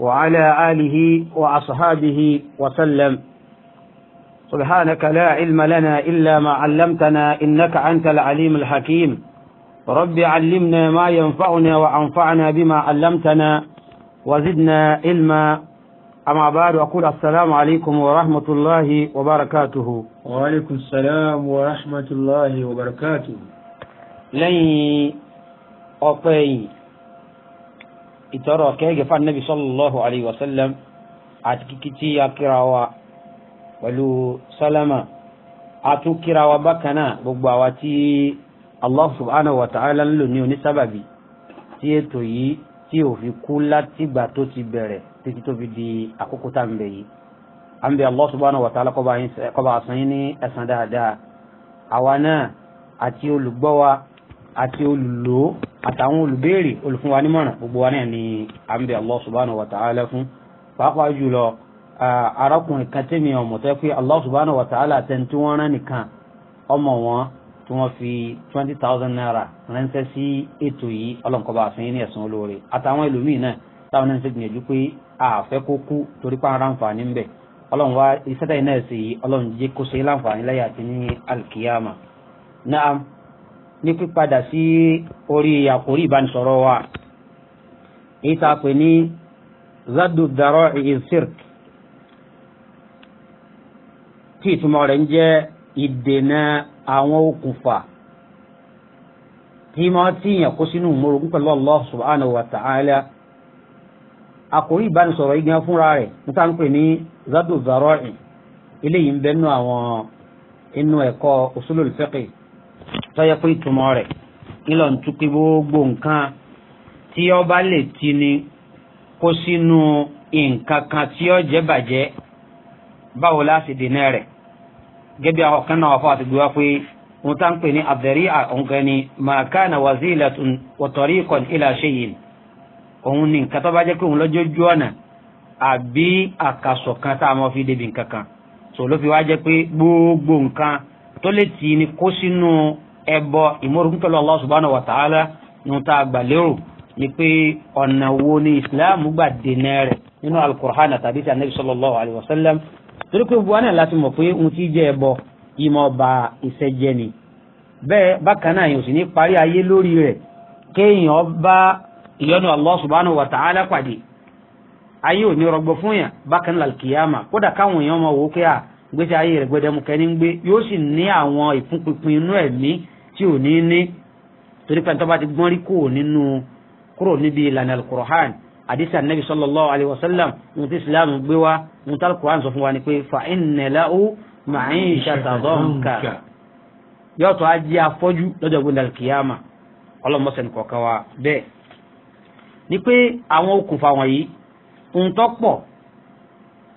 وعلى آله وأصحابه وسلم سبحانك لا علم لنا إلا ما علمتنا إنك أنت العليم الحكيم رب علمنا ما ينفعنا وأنفعنا بما علمتنا وزدنا علما أما بعد أقول السلام عليكم ورحمة الله وبركاته وعليكم السلام ورحمة الله وبركاته لن أطيب ìtọrọ kẹ́gẹ́ fún anabi sallallahu alayhi wa sallam àti kíkítí akíra wa pẹ̀lú sálámà àtúnkíra wa bákan náà gbogbo àwa tí allah subhanahu wa ta'ala ń lò ní onísábàbí tí ètò yìí tí ò fi kú látìgbà tó ti bẹ̀rẹ̀ títí tó fi di àkókò tá à ń bẹ̀ yìí à ń bẹ allah subhanahu wa ta'ala kó bá ní ẹ̀san dáadáa àwa náà àti olùgbọ́ wa àti olùlò àtàwọn olùbéèrè olùfúnwa nímọ̀ràn gbogbo wa náà ni à ń bẹ Allah subhanahu wa ta'ala fún pàápàá jùlọ arákùnrin kan tẹ̀mí ọmọ tẹ́ pé Allah subhanahu wa ta'ala tẹ́ni tí wọ́n rán nìkan ọmọ wọn tí wọ́n fi twenty naira ránṣẹ́ sí ètò yìí ọlọ́nkọ́ba àfihàn ní ẹ̀sán olóore àtàwọn ẹlòmíì náà táwọn náà ń ṣe gbìyànjú pé àfẹ́ kó kú torí ara ń fà ní bẹ̀ ọlọ́run wá iṣẹ́ tẹ̀yìn náà sì ní pípadà sí orí àkórí ìbánisọ̀rọ̀ wa èyí tá a pè ní zadu daro isirk tí ìtumọ̀ rẹ̀ ń jẹ́ ìdènà àwọn okùnfà tí máa tíyàn kó sínú morogun pẹ̀lú Allah subhanahu wa ta'ala àkórí ìbánisọ̀rọ̀ igi fúnra rẹ̀ níta ń pè ní zadu daro eléyìí ń bẹ́nu àwọn inú ẹ̀kọ́ usulul fiqh tọ́yẹ pé ìtumọ̀ rẹ̀ ńlọ ń tukí gbogbo nǹkan tí ọba lè ti ni kó sínú nǹkan kan tí ó jẹ́ bàjẹ́ báwo láti dènà rẹ̀ gẹ́gẹ́ àwọn náà wà fún àtìgbéwá pé wọ́n tá ń pè ní abdari àǹgani màkàna wazilatun wa tariqan ila shay'in òun ni nǹkan tó bá jẹ́ pé òun lọ́jọ́ ju ọ̀nà àbí àkàsọ̀ kan tá a mọ̀ fi débi nǹkan kan tò ló fi wá jẹ́ pé gbogbo nǹkan tó lè tì ni kó sínú ẹbọ ìmọ̀rún pẹ̀lú Allah subhanahu wa ta'ala ní ta àgbàlérò ni pé ọ̀nà wo ni islam gbà dènà rẹ̀ nínú alukur'an àtàdé tí anabi sallallahu alayhi wa sallam torí pé buhari náà láti mọ̀ pé ohun tí jẹ́ ẹbọ ìmọ̀ ọba ìṣẹ́jẹ́ ni bẹ́ẹ̀ bákan náà yóò sì ní parí ayé lórí rẹ̀ kéèyàn bá ìyọnu Allah subhanahu wa ta'ala pàdé ayé ò ní rọgbọ fún yàn bákan lálkìyàmà kódà káwọn èèyàn mọ̀ wò ó pé à gbèsè ayé rẹ̀ gbẹdẹmukẹ ní gbé yóò sì ní àwọn ìfúnpinpin inú ẹ̀mí tí ò ní ní torí pé ntọ́ba ti gbọ́n rí kò nínú kúrò níbi ìlànà alukur'an àdìsí anabi sallallahu alayhi wa sallam ní ti islam gbé wa ní ti alukur'an sọ fún wa ni pé fa ìnẹ̀láwó màáyíṣà tàdọ́nkà yóò tó ajé afọ́jú lọ́jọ́ gbẹ̀dẹ̀ alkiyama ọlọ́mọsẹ̀ nìkọ̀ọ̀kan wa bẹ́ẹ̀ ni pé àwọn okùnfà wọ̀nyí ń tọ́pọ̀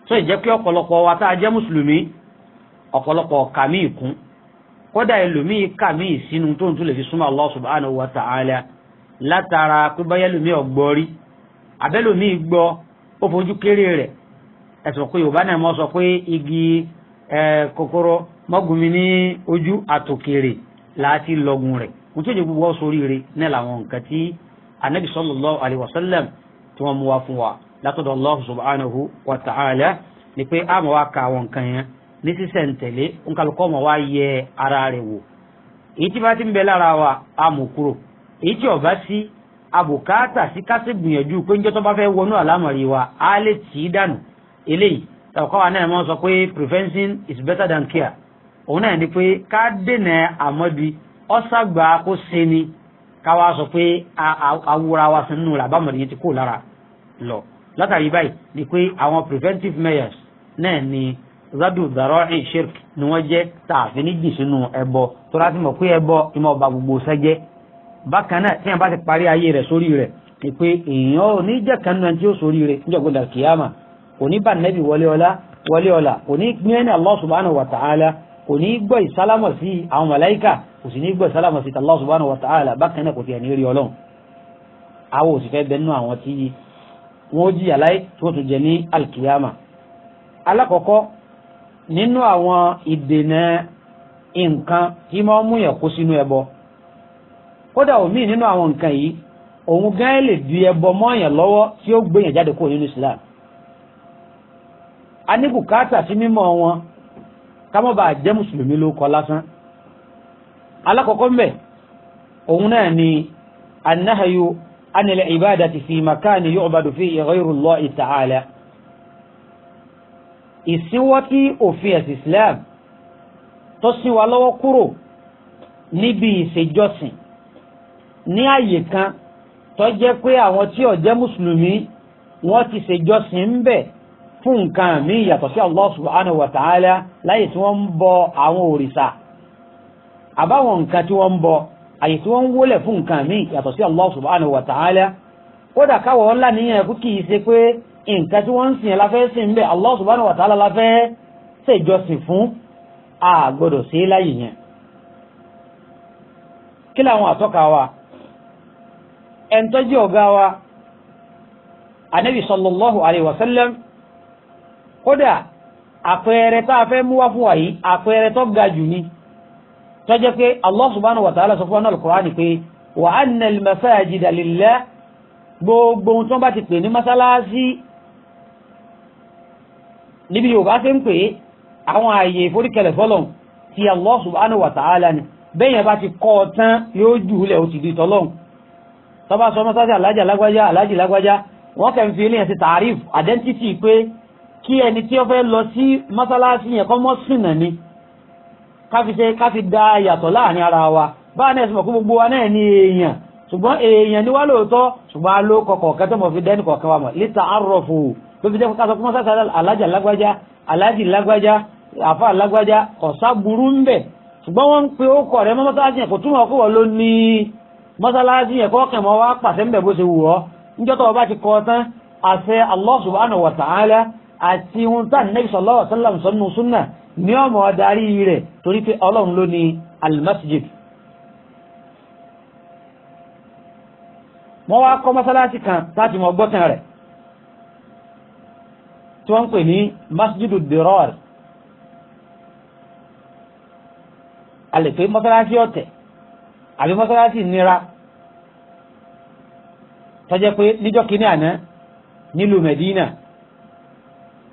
so ìjẹ́ pé ọ̀pọ̀lọpọ̀ wa tá a jẹ́ mùsùlùmí ọ̀pọ̀lọpọ̀ kàmí ìkún kódà ẹlòmíì kàmí ìsínú tó ń tún lè fi súnmọ́ Allah subhanahu wa ta'ala látara pé báyẹ̀ lòmíì ọgbọ́ rí abẹ́lòmíì gbọ́ ó fojú kéré rẹ̀ ẹ̀sùn pé yorùbá náà mọ́ sọ pé igi kòkòrò mọ́gùnmi ní ojú àtòkèrè láti lọ́gùn rẹ̀ kò tó jẹ́ gbogbo ọ̀sọ̀ oríire náà làwọn nǹkan tí anabi sallallahu alaihi wasallam tí wọ́n látọ̀dọ̀ Allah subhanahu wa ta'ala ni pé a máa wá ka àwọn nǹkan yẹn ní sísẹ̀ntẹ̀lé nkàlùkọ́ máa wá yẹ ara rẹ̀ wò èyí tí bá ti ń bẹ lára wa a kúrò èyí tí ọba sí abùkátà sí kásì gbìyànjú pé njẹ́ tó bá fẹ́ wọnú àlámọ̀rí wa á lè tì í dànù eléyìí tàbùkọ́ wa náà sọ pé prevention is better than care òun náà ni pé ká dènà àmọ́bi ọ̀sàgbà kó ni ká wá sọ pé wa sínú yẹn ti kó lára lọ. látàrí báyìí ni pé àwọn preventive measures náà ni radu darọ́ọ̀hìn shirk ni wọ́n jẹ́ tààfin níjì sínú ẹbọ tó láti mọ̀ pé ẹbọ ìmọ̀ ọba gbogbo sẹ́jẹ́ bákan náà tí wọ́n bá ti parí ayé rẹ̀ sórí rẹ̀ ni pé èèyàn ò ní jẹ́ kan náà tí ó sórí rẹ̀ níjọ̀gbọ́n dàkíyàmà kò ní bá wọlé ọlá wọlé ọlá kò ní gbẹ́ni Allah subhanahu wa ta'ala kò ní gbọ́ ìsálámọ̀ sí àwọn màláíkà kò sì ní gbọ́ ìsálámọ̀ sí Allah subhanahu wa ta'ala bákan náà kò tiẹ̀ ní rí ọlọ́run àwọn òsì fẹ́ bẹ́ẹ̀ nú àwọn tí wọn ó jìyà láyé tó tún jẹ ní alkiyama alákọ̀ọ́kọ́ nínú àwọn ìdènà nǹkan tí máa mú yẹn kó sínú ẹbọ kódà omi nínú àwọn nǹkan yìí òun gan lè di ẹbọ mọ́yàn lọ́wọ́ tí ó gbé yẹn jáde kúrò nínú Islam a ní bùkátà sí mímọ̀ wọn ká má mùsùlùmí ló kọ lásán alákọ̀ọ́kọ́ mbẹ̀ òun náà ni anahayu عن العبادة في مكان يعبد فيه غير الله تعالى ìsíwọ́tí òfin ẹ̀sìn Islam tó ṣí wa lọ́wọ́ kúrò níbi ìṣèjọsìn ní àyè kan tó jẹ́ pé àwọn tí ó jẹ́ mùsùlùmí wọ́n ti ṣèjọsìn ń bẹ̀ fún nǹkan mí yàtọ̀ Allah subhanahu wa ta'ala láyé tí wọ́n ń bọ àwọn òrìṣà àbáwọn nǹkan tí wọ́n ń àyè tí wọ́n ń wólẹ̀ fún nǹkan míì yàtọ̀ sí Allah subhanahu wa ta'ala kódà káwọ̀ ńlá níyàn kú kì í ṣe pé nǹkan tí wọ́n ń sìn láfẹ́ sìn bẹ́ẹ̀ Allah subhanahu wa ta'ala láfẹ́ ṣèjọsìn fún a sí láyè yẹn kí làwọn àtọ́ka wa ẹn tó jẹ́ ọ̀gá wa anabi sallallahu alayhi wa sallam kódà àpẹẹrẹ tá a fẹ́ mú wá fún wa yìí àpẹẹrẹ tó ga jù ni tọ́jẹ́ pé Allah subhanahu wa ta'ala sọ fún al-Qur'ani pé wa anna al-masajida lillah gbogbo ohun tí wọ́n bá ti pè ní mọ́sálásí níbi yóò bá ṣe ń pè àwọn ààyè ìforíkẹlẹ̀ fọ́lọ̀ ti Allah subhanahu wa ta'ala ni bẹ́yẹn bá ti kọ́ ọ tán yóò jù ú lẹ̀ ó ti di tọ́lọ́hùn tọ́ba sọ mọ́sálásí alájà lágbájá alájì lágbájá wọ́n kàn ni káfíṣe káfí dá yàtọ̀ láàrin ara wa bá náà sọ̀kú gbogbo wa náà ní èèyàn ṣùgbọ́n èèyàn ní wá lóòótọ́ ṣùgbọ́n a ló kọ̀kọ̀ kẹ́tọ́ mọ̀ fi dẹ́nu kọ̀ọ̀kan wa mọ̀ lítà àrọ̀fù tó fi jẹ́ ká sọ fún mọ́sáàsá alájà lágbájá alájì lágbájá àfa lágbájá ọ̀sá burú ń bẹ̀ ṣùgbọ́n wọ́n ń pe ó kọ̀ rẹ̀ mọ́ mọ́sáàsì yẹn kò túmọ̀ kó wọ́n ní ọmọ adarí rẹ̀ torí pé ọlọ́run ló ní almasjid wọ́n wá kọ́ mọ́sálásí kan láti mọ gbọ́tàn rẹ̀ tí wọ́n ń pè ní masjidu dirar a mọ́sálásí ọ̀tẹ̀ àbí mọ́sálásí nira tọ́jẹ́ pé níjọ́ kínní àná nílùú Medina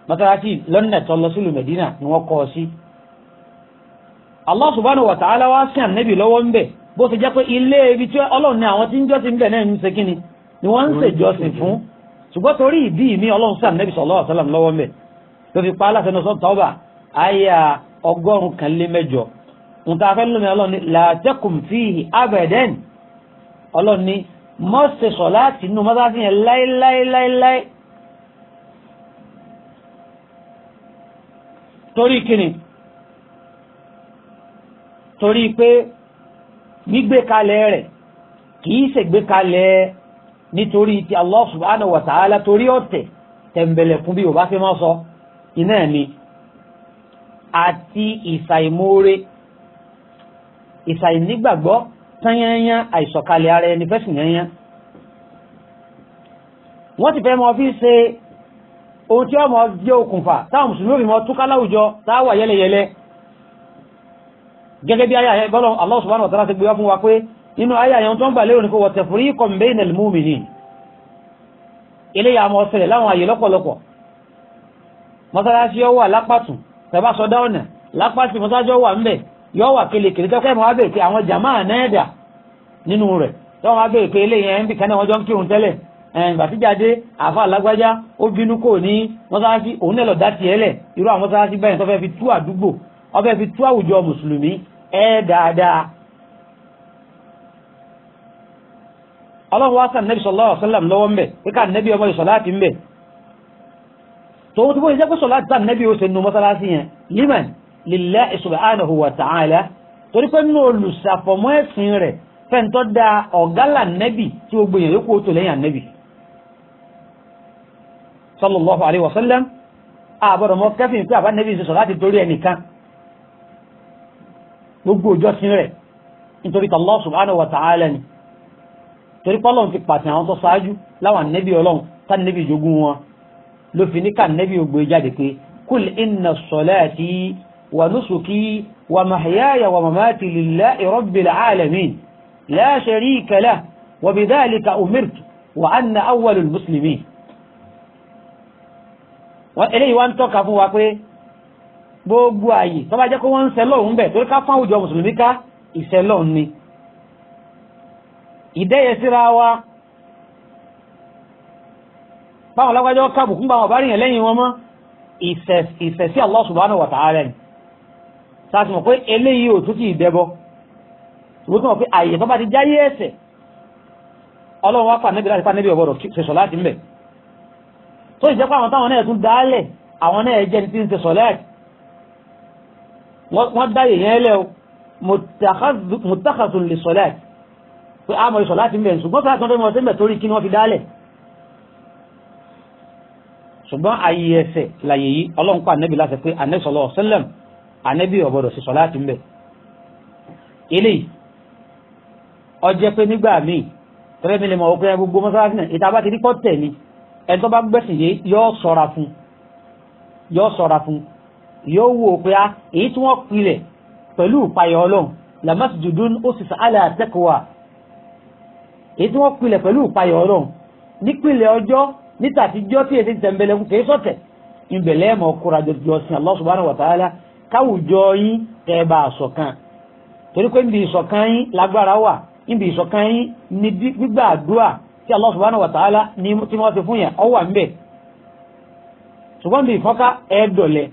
mọ́sálásí lọ́nà tó lọ sílùú Medina ni wọ́n kọ́ ọ sí Allah subhanahu wa ta'ala wá sí ànábì lọ́wọ́ ń bẹ̀ bó ṣe jẹ́ pé ilé ibi tí ọlọ́run ní àwọn tí ń jọ́sìn bẹ̀ náà ń ṣe kíni ni wọ́n ń ṣèjọsìn fún ṣùgbọ́n torí ìdí mi ọlọ́run sí ànábì sallallahu alaihi wasallam lọ́wọ́ ń bẹ̀ tó fi pa aláṣẹ náà sọ́tọ̀ ọba àyà ọgọ́rùn-ún kan lé mẹ́jọ ń ta fẹ́ lómi ọlọ́run ní la takum fihi abadan ọlọ́run ní mọ́ṣẹ̀ṣọ̀ láti inú mọ́ṣáláṣí yẹn láéláéláéláé torí kíni torí pé gbígbékalẹ̀ rẹ̀ kìí ṣègbékalẹ̀ nítorí ti Allah subhanahu wa ta'ala torí ọ̀tẹ̀ tẹ̀m̀bẹ̀lẹ̀kún bí o bá fi mọ́ sọ iná ni àti ìsàìmóore ìsàìnígbàgbọ́ tányányá àìsọ̀kalẹ̀ ara ẹni fẹ́sìn yányá wọ́n ti fẹ́ mọ́ fi ṣe ohun tí ọmọ jẹ́ okùnfà táwọn musulmi mọ́ túká láwùjọ táwà yẹlẹyẹlẹ gẹ́gẹ́ bí ayà bọ́lọ̀ Allah subhanahu ti gbé fún wa pé inú ayà yẹn tó ń gbà lérò ní kó wọ́n tẹ̀ fúrí kọ̀ mbẹ́ ya wà lápàtù tẹ̀bá sọdá ọ̀nà lápàtù mọ́sálásí wà yọ wà kelekele tẹ́kọ̀ pé àwọn nínú gbàtíjáde àfa alágbájá ó bínú kò ní mọ́sáàsì òun náà lọ dá tiẹ̀ irú àwọn mọ́sáàsì báyìí tó fẹ́ fi tú àdúgbò ó fi tú àwùjọ mùsùlùmí ẹ dáadáa. ọlọ́run wá sàn nẹ́bí sallallahu alaihi wasallam lọ́wọ́ ń nẹ́bí ọmọ ìsọ̀lá àti tòun liman ọ̀gá là nẹ́bì tí gbogbo èèyàn sallallahu alayhi wa sallam àbọ̀dọ̀ mọ́ kẹ́fìn pé àbánẹ́bí ṣe sọ láti torí ẹnìkan gbogbo òjọ́sìn rẹ̀ nítorí Allah subhanahu wa ta'ala ni torí pọ́lọ̀ ti pàtẹ àwọn tó ṣáájú láwọn nẹ́bí ọlọ́run tá nẹ́bí ìjogún wọn ló fi ní ká nẹ́bí ògbó e jáde pé kul inna salati wa nusuki wa mahyaya wa mamati lillahi rabbil alamin la sharika lahu wa bidhalika umirtu wa anna awwalul muslimin eléyìí wá ń tọ́ka fún wa pé gbogbo ààyè tó bá jẹ́ pé wọ́n ń sẹ́ lọ́hùn bẹ̀ torí ká fún àwùjọ mùsùlùmí ká ìsẹ́ lọ́hùn ni ìdẹ́yẹ síra wa báwọn lágbájọ́ kábùkún báwọn bá rìnyàn lẹ́yìn wọn mọ́ ìsẹ̀ sí Allah subhanahu wa ta'ala ni sáàtì mọ̀ pé eléyìí ò tún ti ìdẹ́bọ ìwé tó mọ̀ pé ààyè tó bá ti jáyé ẹ̀sẹ̀ ọlọ́run wá pà níbi láti pà níbi ọ̀bọ̀dọ̀ ṣe sọ láti mbẹ̀ tó ìjẹ́ pé àwọn táwọn náà tún dálẹ̀ àwọn náà jẹ́ ti ń ṣe sọ̀lẹ́t wọ́n dáyè yẹn lẹ́ o mùtàkàtún lè sọ̀lẹ́t pé a mọ̀ ìsọ̀lá ti mẹ́rin ṣùgbọ́n fẹ́ àtúntò mọ̀ sí mẹ́ torí kí wọ́n fi dálẹ̀ ṣùgbọ́n ayé ẹsẹ̀ láyé yìí ọlọ́run pa láti pé ànẹ́sọ̀lọ́ ọ̀sẹ́lẹ̀m ànẹ́bí ọ̀bọ̀dọ̀ sí sọ̀lá mẹ́ eléyìí ọjẹ́ pé nígbà míì tọ́lẹ́mí lè mọ̀ ọkùnrin gbogbo mọ́sálásí náà ìta bá ti rí pọ́ ni ẹni tó bá gbẹ̀sìn yé yóò sọ́ra fún yóò sọ̀ra fún yóò wò ó á ah, èyí tí wọ́n pilẹ̀ pẹ̀lú ìpayọ̀ ọlọ́run lamasjidun usisa ala taqwa èyí tí wọ́n pilẹ̀ pẹ̀lú ìpayọ̀ ọlọ́run nípìnlẹ̀ ọjọ́ níta tí èdè sọ̀tẹ̀ ìbẹ̀lẹ̀ wà tí Allah subhanahu wa ta'ala ní tí wọ́n ti fún yẹn ọwà ń bẹ̀ ṣùgbọ́n bí ìfọ́ká ẹ̀ẹ́dọ̀lẹ̀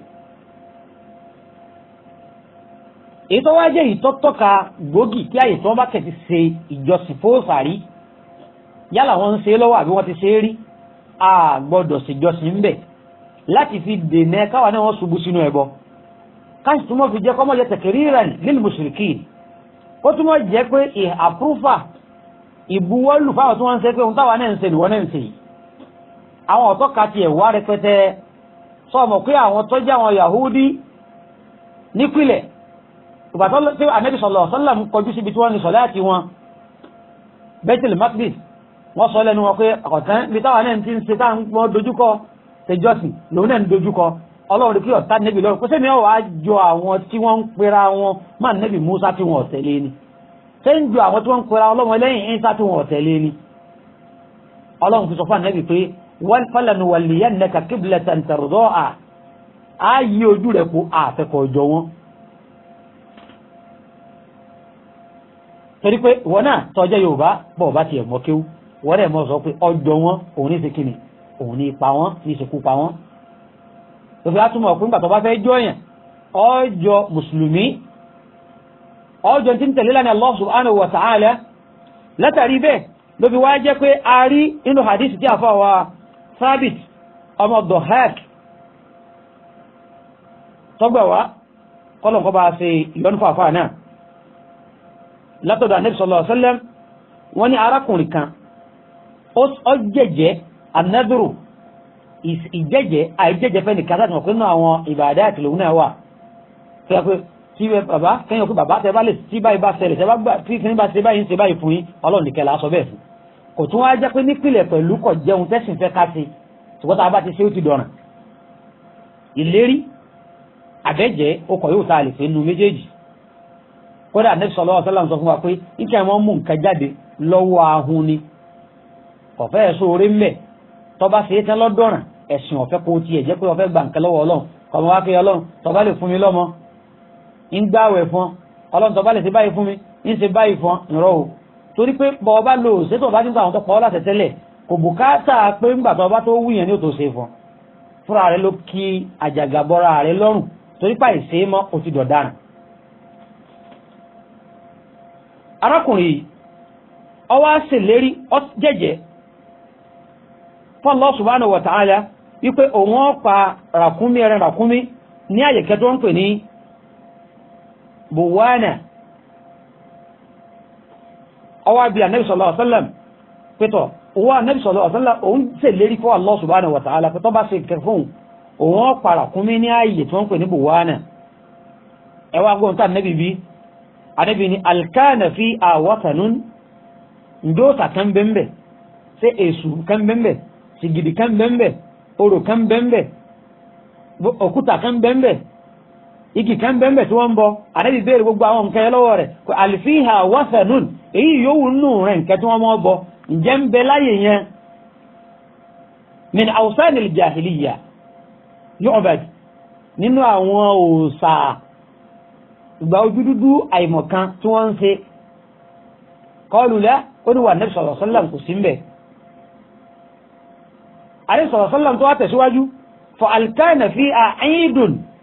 èyí tó wá jẹ́ ìtọ́tọ́ka gbòógì kí àyè tí wọ́n bá tẹ̀sí ṣe ìjọsìn fóòsàrí yálà wọ́n ń ṣe lọ́wọ́ àbí wọ́n ti ṣe rí a gbọ́dọ̀ ṣèjọsìn ń bẹ̀ láti fi dènà káwa náà wọ́n ṣubú sínú ẹbọ káṣí túmọ̀ fi jẹ́ kọ́mọ́ jẹ́ tẹ̀kẹ́rì rẹ̀ lílùmùsùlùkì ó túmọ̀ jẹ́ pé ìhàpúfà ìbuwọ́lù fáwọn tí wọ́n ń ṣe pé ohun táwa náà ń ṣe nìwọ́n náà ń ṣe yìí àwọn ọ̀tọ́ ka tiẹ̀ wá rẹpẹtẹ sọmọ pé àwọn tó jẹ́ àwọn Yahudi nípìlẹ̀ ìbátan tí anabi sọlọ sọlá ń kọjú síbi tí wọ́n ní sọlá àti wọn Baitul Maqdis wọ́n sọ lẹ́nu wọn pé ọ̀tán bí táwa náà ti ń ṣe táwọn wọn dojúkọ ṣèjọsìn lòun náà ń dojúkọ ọlọ́run kí ọ̀tá nẹ́bì lọ́rùn kó sẹ́mi ọ̀ wá jọ àwọn tí wọ́n ń pera wọn máa nẹ́bì Musa tí wọn ọ̀tẹ̀lé ni ṣé ń ju àwọn tí wọ́n ń kóra ọlọ́mọ lẹ́yìn ìsá tí wọ́n tẹ̀lé ni ọlọ́run ti sọ fún ànábì pé wọ́n fẹ́lẹ̀nu wàlíyàn nẹ́ka kíbìlẹ̀ tẹ̀ntẹ̀rọ̀dọ́ à á yí ojú rẹ̀ kó àfẹ́kọ̀ọ́ jọ wọn. torí pé wọn náà tọ́jẹ́ yorùbá bọ̀ ọba tiẹ̀ mọ́ kéwú wọ́n rẹ̀ mọ́ sọ pé ọjọ́ wọn òun ní ṣe òun ní ipa wọn ní ṣe pa wọn. òfin atúmọ̀ pé nígbà tó bá fẹ́ jọyàn ọjọ́ mùsùlùmí ọjọ́ tí ń tẹ̀lé lánàá Allah subhanahu wa ta'ala látàrí bẹ́ẹ̀ ló fi wá jẹ́ pé a rí inú hadith tí a fà wá Thabit ọmọ Dhahak tọ́gbà wá kọ́lọ̀kọ́ bá ṣe ìyọnu fàfà náà látọ̀dọ̀ Ànábì sallallahu alaihi wasallam wọ́n ní arákùnrin kan ó ìjẹ́jẹ́ àìjẹ́jẹ́ fẹ́ nìkan láti mọ̀ àwọn ìbàdá àtìlówó náà wà tí bàbá kẹ́yìn òkú bàbá tẹ bá lè tí báyìí bá ṣẹlẹ̀ tí kìíní bá ṣe báyìí ń ṣe báyìí fún yín ọlọ́run nìkẹ́ la sọ bẹ́ẹ̀ fún kò tún wá jẹ́ pé nípìnlẹ̀ pẹ̀lú kọ̀ jẹun tẹ́sìn fẹ́ ká sí ṣùgbọ́n tá a bá ti ṣe ó ti dọ̀ràn ìlérí àbẹ́jẹ́ okọ̀ yóò tá a lè fẹ́ nu méjèèjì kódà nẹ́bí sọ lọ́wọ́ sọ́lá ń sọ fún wa pé níkà ẹ̀ mú nǹkan jáde lọ́wọ́ ń gbàwẹ̀ fún ọlọ́run tó bá lè ṣe báyìí fún mi ń ṣe báyìí fún ìrọ̀ o torí pé ọba lò ó ṣètò ọba tí ń pa àwọn tó pa ọ́ láṣẹ tẹ́lẹ̀ kò bùkátà pé ọba tó wù yẹn ní òtò ṣe fún fúnra rẹ ló kí àjàgà bọ́ra rẹ lọ́rùn torí mọ́ ti arákùnrin yìí ọwọ́ jẹ́jẹ́ wípé òun ọ̀pá ràkúnmí ẹran ràkúnmí ní àyẹ̀kẹ́ bùwánà ọwọ́ àbí ànábì sallallahu alaihi wasallam pẹ́tọ̀ owó ànábì sallallahu alaihi wasallam òun tẹ̀ lérí fún Allah subhanahu wa ta'ala pẹ́tọ́ bá ṣe kẹfún òun pàrà kúnmí ní ààyè tí wọ́n ń pè ní bùwánà ẹwà gbọ́n tá ànábì bí ànábì ni alkana fi àwọ̀tànún ndóòtà kan bẹ́ńbẹ̀ sí èṣù kan bẹ́ńbẹ̀ sìgìdì kan bẹ́ńbẹ̀ orò kan bẹ́ńbẹ̀ òkúta kan bẹ́ńbẹ̀ igi kan bẹ́ẹ̀ tí wọ́n ń bọ àdéhìí béèrè gbogbo àwọn nǹkan yẹn lọ́wọ́ rẹ̀ kò àlìfíhà wọ́sẹ̀nùn èyí yòówù nù rẹ̀ nǹkan tí wọ́n mọ́ bọ ǹjẹ́ ń bẹ láyè yẹn min awsanil jahiliya yu'bad nínú àwọn òòṣà ìgbà ojú dúdú àìmọ̀kan tí wọ́n ń ṣe kọlùlá ó ní wà nẹ́bí sallallahu kò sí mbẹ̀ àdéhìí sallallahu tó wá tẹ̀síwájú fa alkana fi a aidun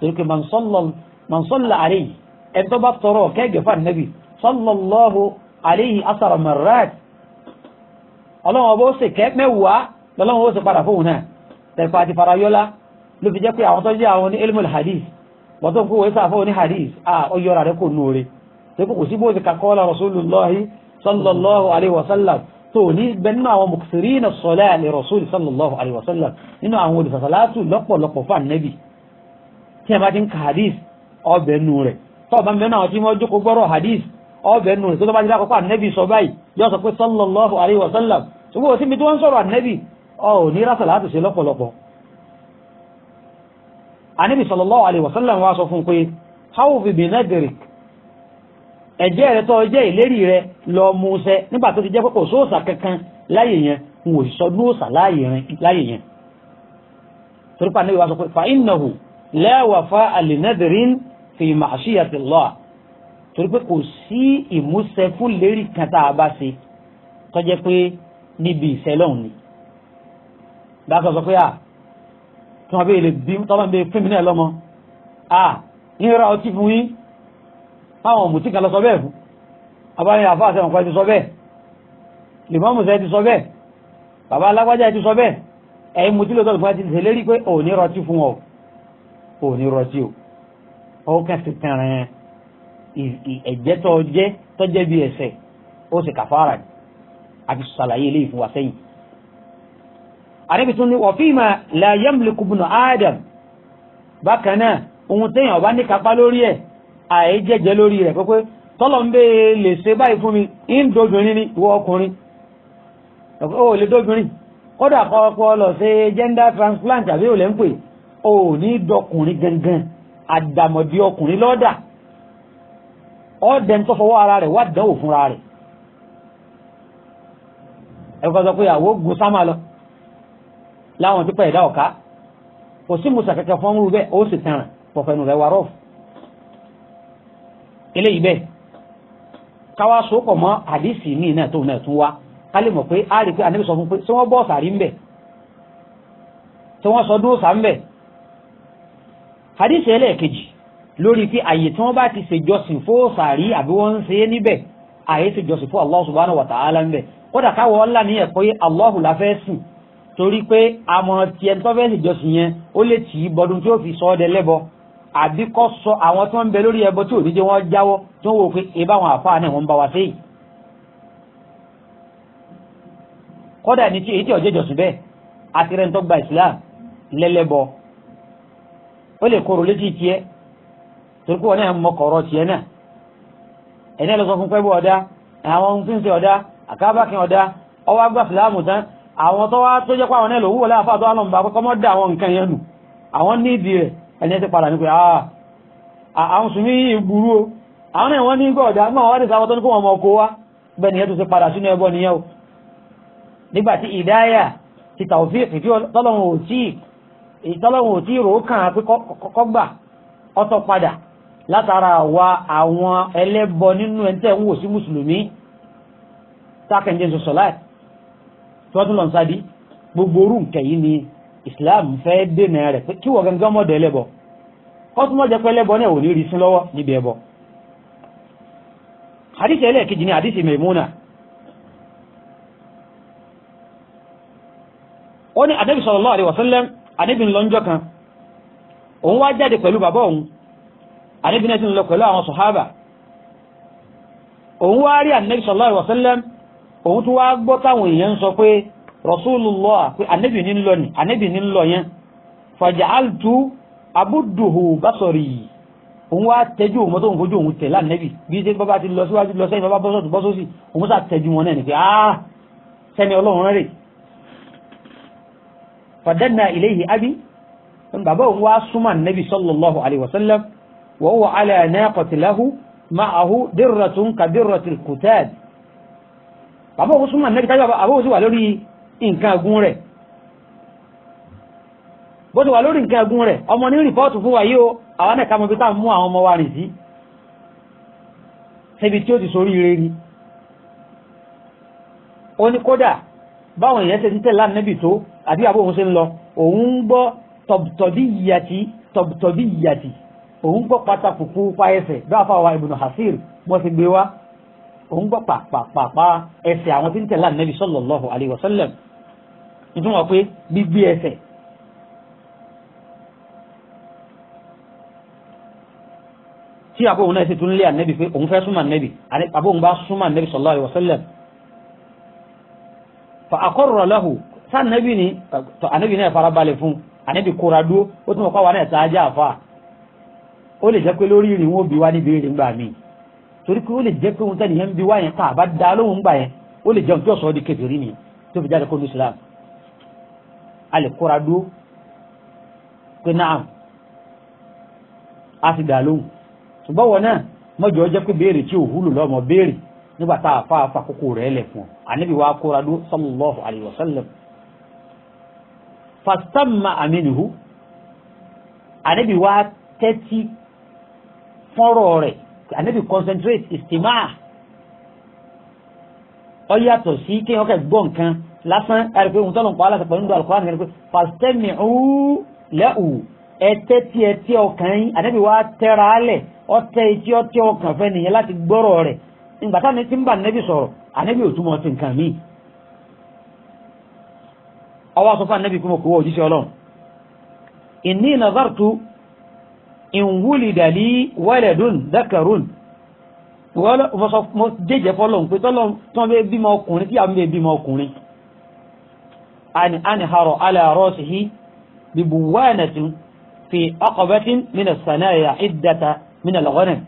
torí pé mọ̀nsọ́lá àríyí ẹni tó bá tọrọ kẹ́gẹ̀ fún ànábì sọ́lọ́lọ́hu àríyí asàrọ̀ mọ̀rẹ́t ọlọ́wọ́n bó ṣe kẹ́ mẹ́wàá lọ́lọ́wọ́n bó ṣe padà fóun náà tẹ̀pá àti farayọ́lá ló fi jẹ́ pé àwọn tó jẹ́ àwọn ilmul hadith bọ́tọ̀ kó wẹ́sà fóun ní hadith à ó yọra rẹ̀ kò nóore tó kò sí bó ṣe kakọ́lá rasulullahi sọ́lọ́lọ́hu àríyí wasallam tó ní bẹnu àwọn mùsùlùmí sọlá àlè rọ̀sùlù sọ́lọ́lọ́hu àríyí wasallam nínú àwọn olùsàsàlátù lọ́pọ̀lọpọ̀ fún ànábì tí a bá ti ń ka hadith ọbẹ̀ nù rẹ̀ tó o bá mẹ́nu àwọn tí wọ́n jókòó gbọ́rọ̀ hadith ọbẹ̀ nù rẹ̀ tó tó bá ti dákọ̀ọ́ ànẹ́bì sọ báyìí yóò sọ pé sallallahu alayhi wa sallam ṣùgbọ́n òsì mi tí wọ́n ń sọ̀rọ̀ ànẹ́bì ọ ò ní rásà láti ṣe lọ́pọ̀lọpọ̀ ànẹ́bì sallallahu alayhi wa sallam wa sọ fún pé hawfi bi nadrik ẹ̀jẹ̀ rẹ̀ tó jẹ́ ìlérí rẹ̀ lọ musẹ́ nígbà tó ti jẹ́ pé kò sóòsà kankan láyè yẹn n ò sọ lóòsà láyè yẹn torípa ànẹ́bì wa sọ pé fa innahu la wafa'a li nadrin fi ma'siyati Allah torí pé kò sí ìmúṣẹ fún lérí kan tá a bá ṣe tó jẹ́ pé níbi ìṣẹ́lọ́hùn ni dákọ̀ sọ pé à tí wọ́n bèèrè bí tọ́bọ̀ bèèrè fún mi náà lọ́mọ à ń ra ọtí fún yín fáwọn ọmọ tí kan lọ sọ bẹ́ẹ̀ fún abáyé àfáàṣẹ ọ̀pá ti sọ bẹ́ẹ̀ lèmọ́mùsẹ́ ti sọ bẹ́ẹ̀ bàbá alágbájá ti sọ bẹ́ẹ̀ ẹ̀yìn mutí lọ́tọ̀ ti ṣèlérí pé ò ní fún ọ ò rọtí o ó kẹsì tẹ̀rẹ̀ ẹ̀jẹ̀ tó jẹ́ tó jẹ́ bí ẹ̀ṣẹ̀ ó sì kàfàrà ni àti sàlàyé ilé ìfún wa sẹ́yìn. àdébí tún ní wọ̀fíìmà la yamliku ibnu adam bákan náà ohun téèyàn ọba ní kápá lórí ẹ̀ àìjẹ́jẹ́ lórí rẹ̀ pé pé tọ́lọ̀ ń bẹ́ẹ̀ lè ṣe báyìí fún mi ń dobìnrin ni ìwọ ọkùnrin ó lè dobìnrin kódà kọ́ ọpọlọ ṣe gender transplant àbí ò ò ní dọkùnrin gangan àdàmọ̀dì ọkùnrin lọ́dà ọ̀dẹ̀ni tó fọwọ́ ara rẹ̀ wá dánwò fúnra rẹ̀ ẹ̀kọ́ sọ pé àwọ̀ ogun sámà lọ láwọn pípẹ́ ẹ̀dá ọ̀ká kò sí musa kẹ̀kẹ́ fún ọmọ bẹ́ẹ̀ ó sì tẹ̀ràn pọ̀fẹ́nu rẹ̀ wà rọ́ọ̀fù eléyìí bẹ́ẹ̀ káwá sókọ̀ mọ́ àdìsí míì náà tó náà tún wá ká lè mọ̀ pé a rí pé ànábì fún pé tí wọ́n bọ́ ọ̀sà ń bẹ̀ tí wọ́n sọ dúró sà hadith ẹlẹ́ẹ̀kejì lórí pé àyè tí wọ́n bá ti ṣèjọsìn fún sàárì àbí wọ́n ń ṣe é níbẹ̀ àyè ṣèjọsìn fún Allah subhanahu wa ta'ala ń bẹ̀ kódà káwọ́ ọ̀la ní ẹ̀kọ́ yé Allah la fẹ́ sìn torí pé àmọ́ tí ẹni tó fẹ́ ṣèjọsìn yẹn ó lè tì í bọdún tí ó fi sọ ọ́ dẹ lẹ́bọ àbí kọ́ sọ àwọn tó ń bẹ lórí ẹbọ tí òdíje wọn jáwọ́ tí wọ́n wò pé ebá àwọn àfáà náà wọ́n ń bá wa séyìí kódà ní tí èyí tí ọ̀jẹ̀jọsìn bẹ́ẹ̀ àti rẹ̀ ń tó gba Islam lẹ́lẹ́bọ ó lè kóró létí tiẹ̀ torí pé wọn náà mọ kọ̀ọ̀rọ̀ tiẹ̀ náà ẹni ẹlọsọ fún pẹ́bú ọ̀dá àwọn ohun tí ń ṣe ọ̀dá àkábákin ọ̀dá ọwọ́ agbá fìlàmù tán àwọn tó wá tó jẹ́ pé àwọn ẹlò wúwo láàfáà tó wà lọ́nà bá kọ́kọ́ mọ́ dá àwọn nǹkan yẹn nù àwọn nídìí rẹ̀ ẹni ti padà ní pé ah, àwọn sùnmí yìí burú o àwọn ẹ̀wọ̀n ní gbọ́ ọ̀dá mọ́ wọ́n sáwọ́ tó ní kó wọn mọ́ kó wá bẹ́ẹ̀ nìyẹn tó ti padà sínú ẹbọ nìyẹn o nígbà tí ìdáyà ti tàwọ́fíìsì tí ọlọ́run ò tíì ìtọ́lọ́wọ̀n tí rò ó kàn án pé kọ́kọ́ gbà padà látara wa àwọn ẹlẹ́bọ nínú ẹni ń wò sí mùsùlùmí gbogbo orú yìí Islam fẹ́ dènà rẹ̀ pé kí wọ́n gangan mọ̀dọ̀ ẹlẹ́bọ kọ́ tún mọ̀jẹ́ pé ẹlẹ́bọ náà ò ní rí sí lọ́wọ́ níbi ẹbọ ni Maimuna ànábì ń lọ ńjọ́ kan òun wá jáde pẹ̀lú bàbá òun ànábì náà ti ń lọ pẹ̀lú àwọn sọ̀hábà òun wá rí ànábì sallallahu alaihi wasallam òun tún wá gbọ́ táwọn èèyàn ń sọ pé rasulullah pé ànábì ní lọ ni ànábì ní lọ yẹn fàjàáltù abúdùhù básọ̀rì òun wá tẹjú òun mọ́tò òun fojú òun tẹ̀lé ànábì bí fadanna ilayhi abi bàbá òun wá súnmọ́ nabi sallallahu alayhi wa sallam wa huwa ala naqati lahu ma'ahu dirratun ka dirratil qutad bàbá òun súnmọ́ nabi tájú àbá òun sì wà lórí nǹkan agun rẹ̀ bó ti wà lórí nǹkan agun rẹ̀ ọmọ ní rìpọ́ọ̀tù fún wa yìí o àwọn náà ká mọ̀ bí tá mú àwọn ọmọ wa rìn sí ṣebí tí ó ti sorí ire ni ó ní kódà báwọn èèyàn ṣe ti tẹ̀lé ànábì tó àbí àbó òun ṣe ń lọ òun ń gbọ́ tọ̀bítọ̀bí yàtì tọ̀bítọ̀bí yàtì òun gbọ́ pàtàkì pupa ẹsẹ̀ dáfà wa ibùnú hasir wọ́n ti gbé wá òun gbọ́ pàpàpàpà ẹsẹ̀ àwọn tí ń tẹ̀lé ànábì sallallahu alaihi wasallam nítorí wọn pé gbígbé ẹsẹ̀ tí àbó òun náà ṣe tún lé ànábì pé òun fẹ́ súnmọ́ ànábì àbó òun bá súnmọ́ ànábì sallallahu alaihi fa aqarra lahu sáà nàbì ni tọ ànàbì náà farabalẹ̀ fún ànàbì kóra dúró ó tún mọ̀ pàwọn náà sáájà àfa ó lè jẹ́ pé lórí ìrìn wọn ò bí wá níbi ìrìn gbà mí torí pé ó lè jẹ́ pé òun tẹ́lẹ̀ ń bí wá yẹn tá a bá gbà yẹn ó lè jẹun tí ọ̀sọ́ di kẹfìrí ni tó fi jáde kó ní Islam a lè kóra dúró pé náà a ti dà lóhùn ṣùgbọ́n wọn náà mọ́jọ́ jẹ́ pé béèrè tí ò lọ́mọ béèrè nígbà tá a fa àfàkókò rẹ̀ lẹ̀ fún ọ àníbi wa kóra dúró sallallahu alaihi wasallam fastamma aminuhu anabi wa tẹ́tí fọ́rọ̀ rẹ̀ anabi concentrate istima ọ yàtọ̀ sí kí wọ́n kẹ́ gbọ́ nǹkan lásán ẹ̀rọ pé òun tọ́lọ̀ ń pa aláṣẹ pẹ̀lú Al-Qur'an ẹ̀rọ pé fastami'u lahu ẹtẹ́ tí ẹtí ọkàn yín ànábì wa tẹ́ra alẹ̀ ọtẹ́ etí ọtí ọkàn fẹ́ nìyẹn láti gbọ́rọ̀ rẹ̀ ìgbà táwọn ti ń bá ànábì sọ̀rọ̀ ànábì ò túmọ̀ sí nǹkan míì ọwọ́ sọ fún anabi pé mo kò wọ òjíṣẹ́ ọlọ́run inni nazartu in wulida li waladun dhakarun mo jẹ́jẹ́ fọ́lọ́run pé tọ́lọ́n bẹ bímọ ọkùnrin tí àwọn bẹ bímọ ọkùnrin ani ani haro ala rasihi bibuwanatin fi aqabatin min as-sanaya iddata min al-ghanam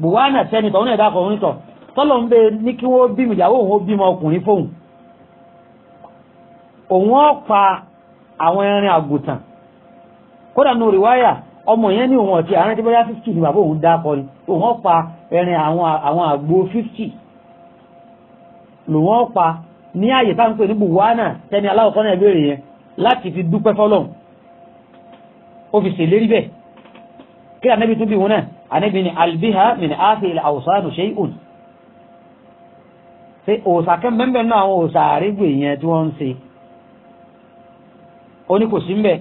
buwana sẹ́ni ẹ̀dá kọ̀ọ̀rún tọ̀ tọ́lọ́n bẹ ní kí wọ́n bímọ ìyàwó òun bímọ ọkùnrin fóun òun ó pa àwọn ẹran àgùntàn kódà nù rìwáyà ọmọ yẹn ní òun ọ̀tí àárín tí bóyá fifty ni bàbá òun dákọ ni òun ó pa ẹran àwọn àwọn àgbo fifty lòun ó pa ní àyè fi dúpẹ́ ó fi ṣèlérí bẹ́ẹ̀ kí ànábi tún bí wọn náà ànábi ni albiha min afi il awsanu shay'un ṣe òòsà kẹ́mbẹ́mbẹ́ náà àwọn òòsà àrégbè yẹn tí ó ní kò sí mbẹ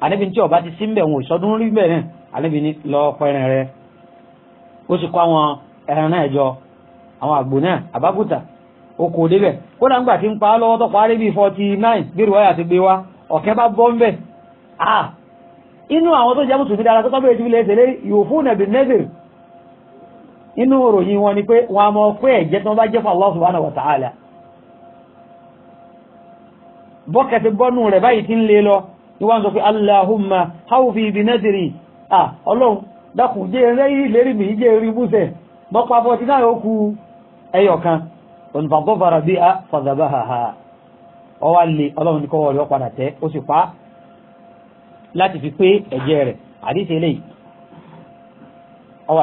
ànábì tí ọba ti sí mbẹ òun ìsọdún rí mbẹ náà ànábì ní lọ o si rẹ ó sì kó àwọn ẹran náà jọ àwọn àgbò náà àbábùtà ó kò débẹ̀ kódà ńgbà tí ń pa á lọ́wọ́ tó parí bíi forty nine bí ti gbé wa ọ̀kẹ́ bá mbẹ ah inú àwọn tó mùsùlùmí dára tó tọ́ fún nẹ́bìrì inú òròyìn wọn ni pé wọn a mọ̀ pé ẹ̀jẹ̀ tí bọ́kẹ̀tì bọnu rẹ̀ báyìí tí ń lé lọ ni sọ pé aláhùnmá ibi nẹ́tìrì à ọlọ́run dákun jẹ́ ẹ̀rẹ́ ìlérí mi jẹ́ rí búṣẹ̀ bọ́pá fọ́tí náà yóò kú ẹyọ kan fara bí a fàdàbà hàhà ọwá lè ọlọ́run ní kọ́wọ́ rẹ̀ tẹ́ ó sì pa láti fi pé ẹ̀jẹ̀ rẹ̀ àdìsẹ́ ọwà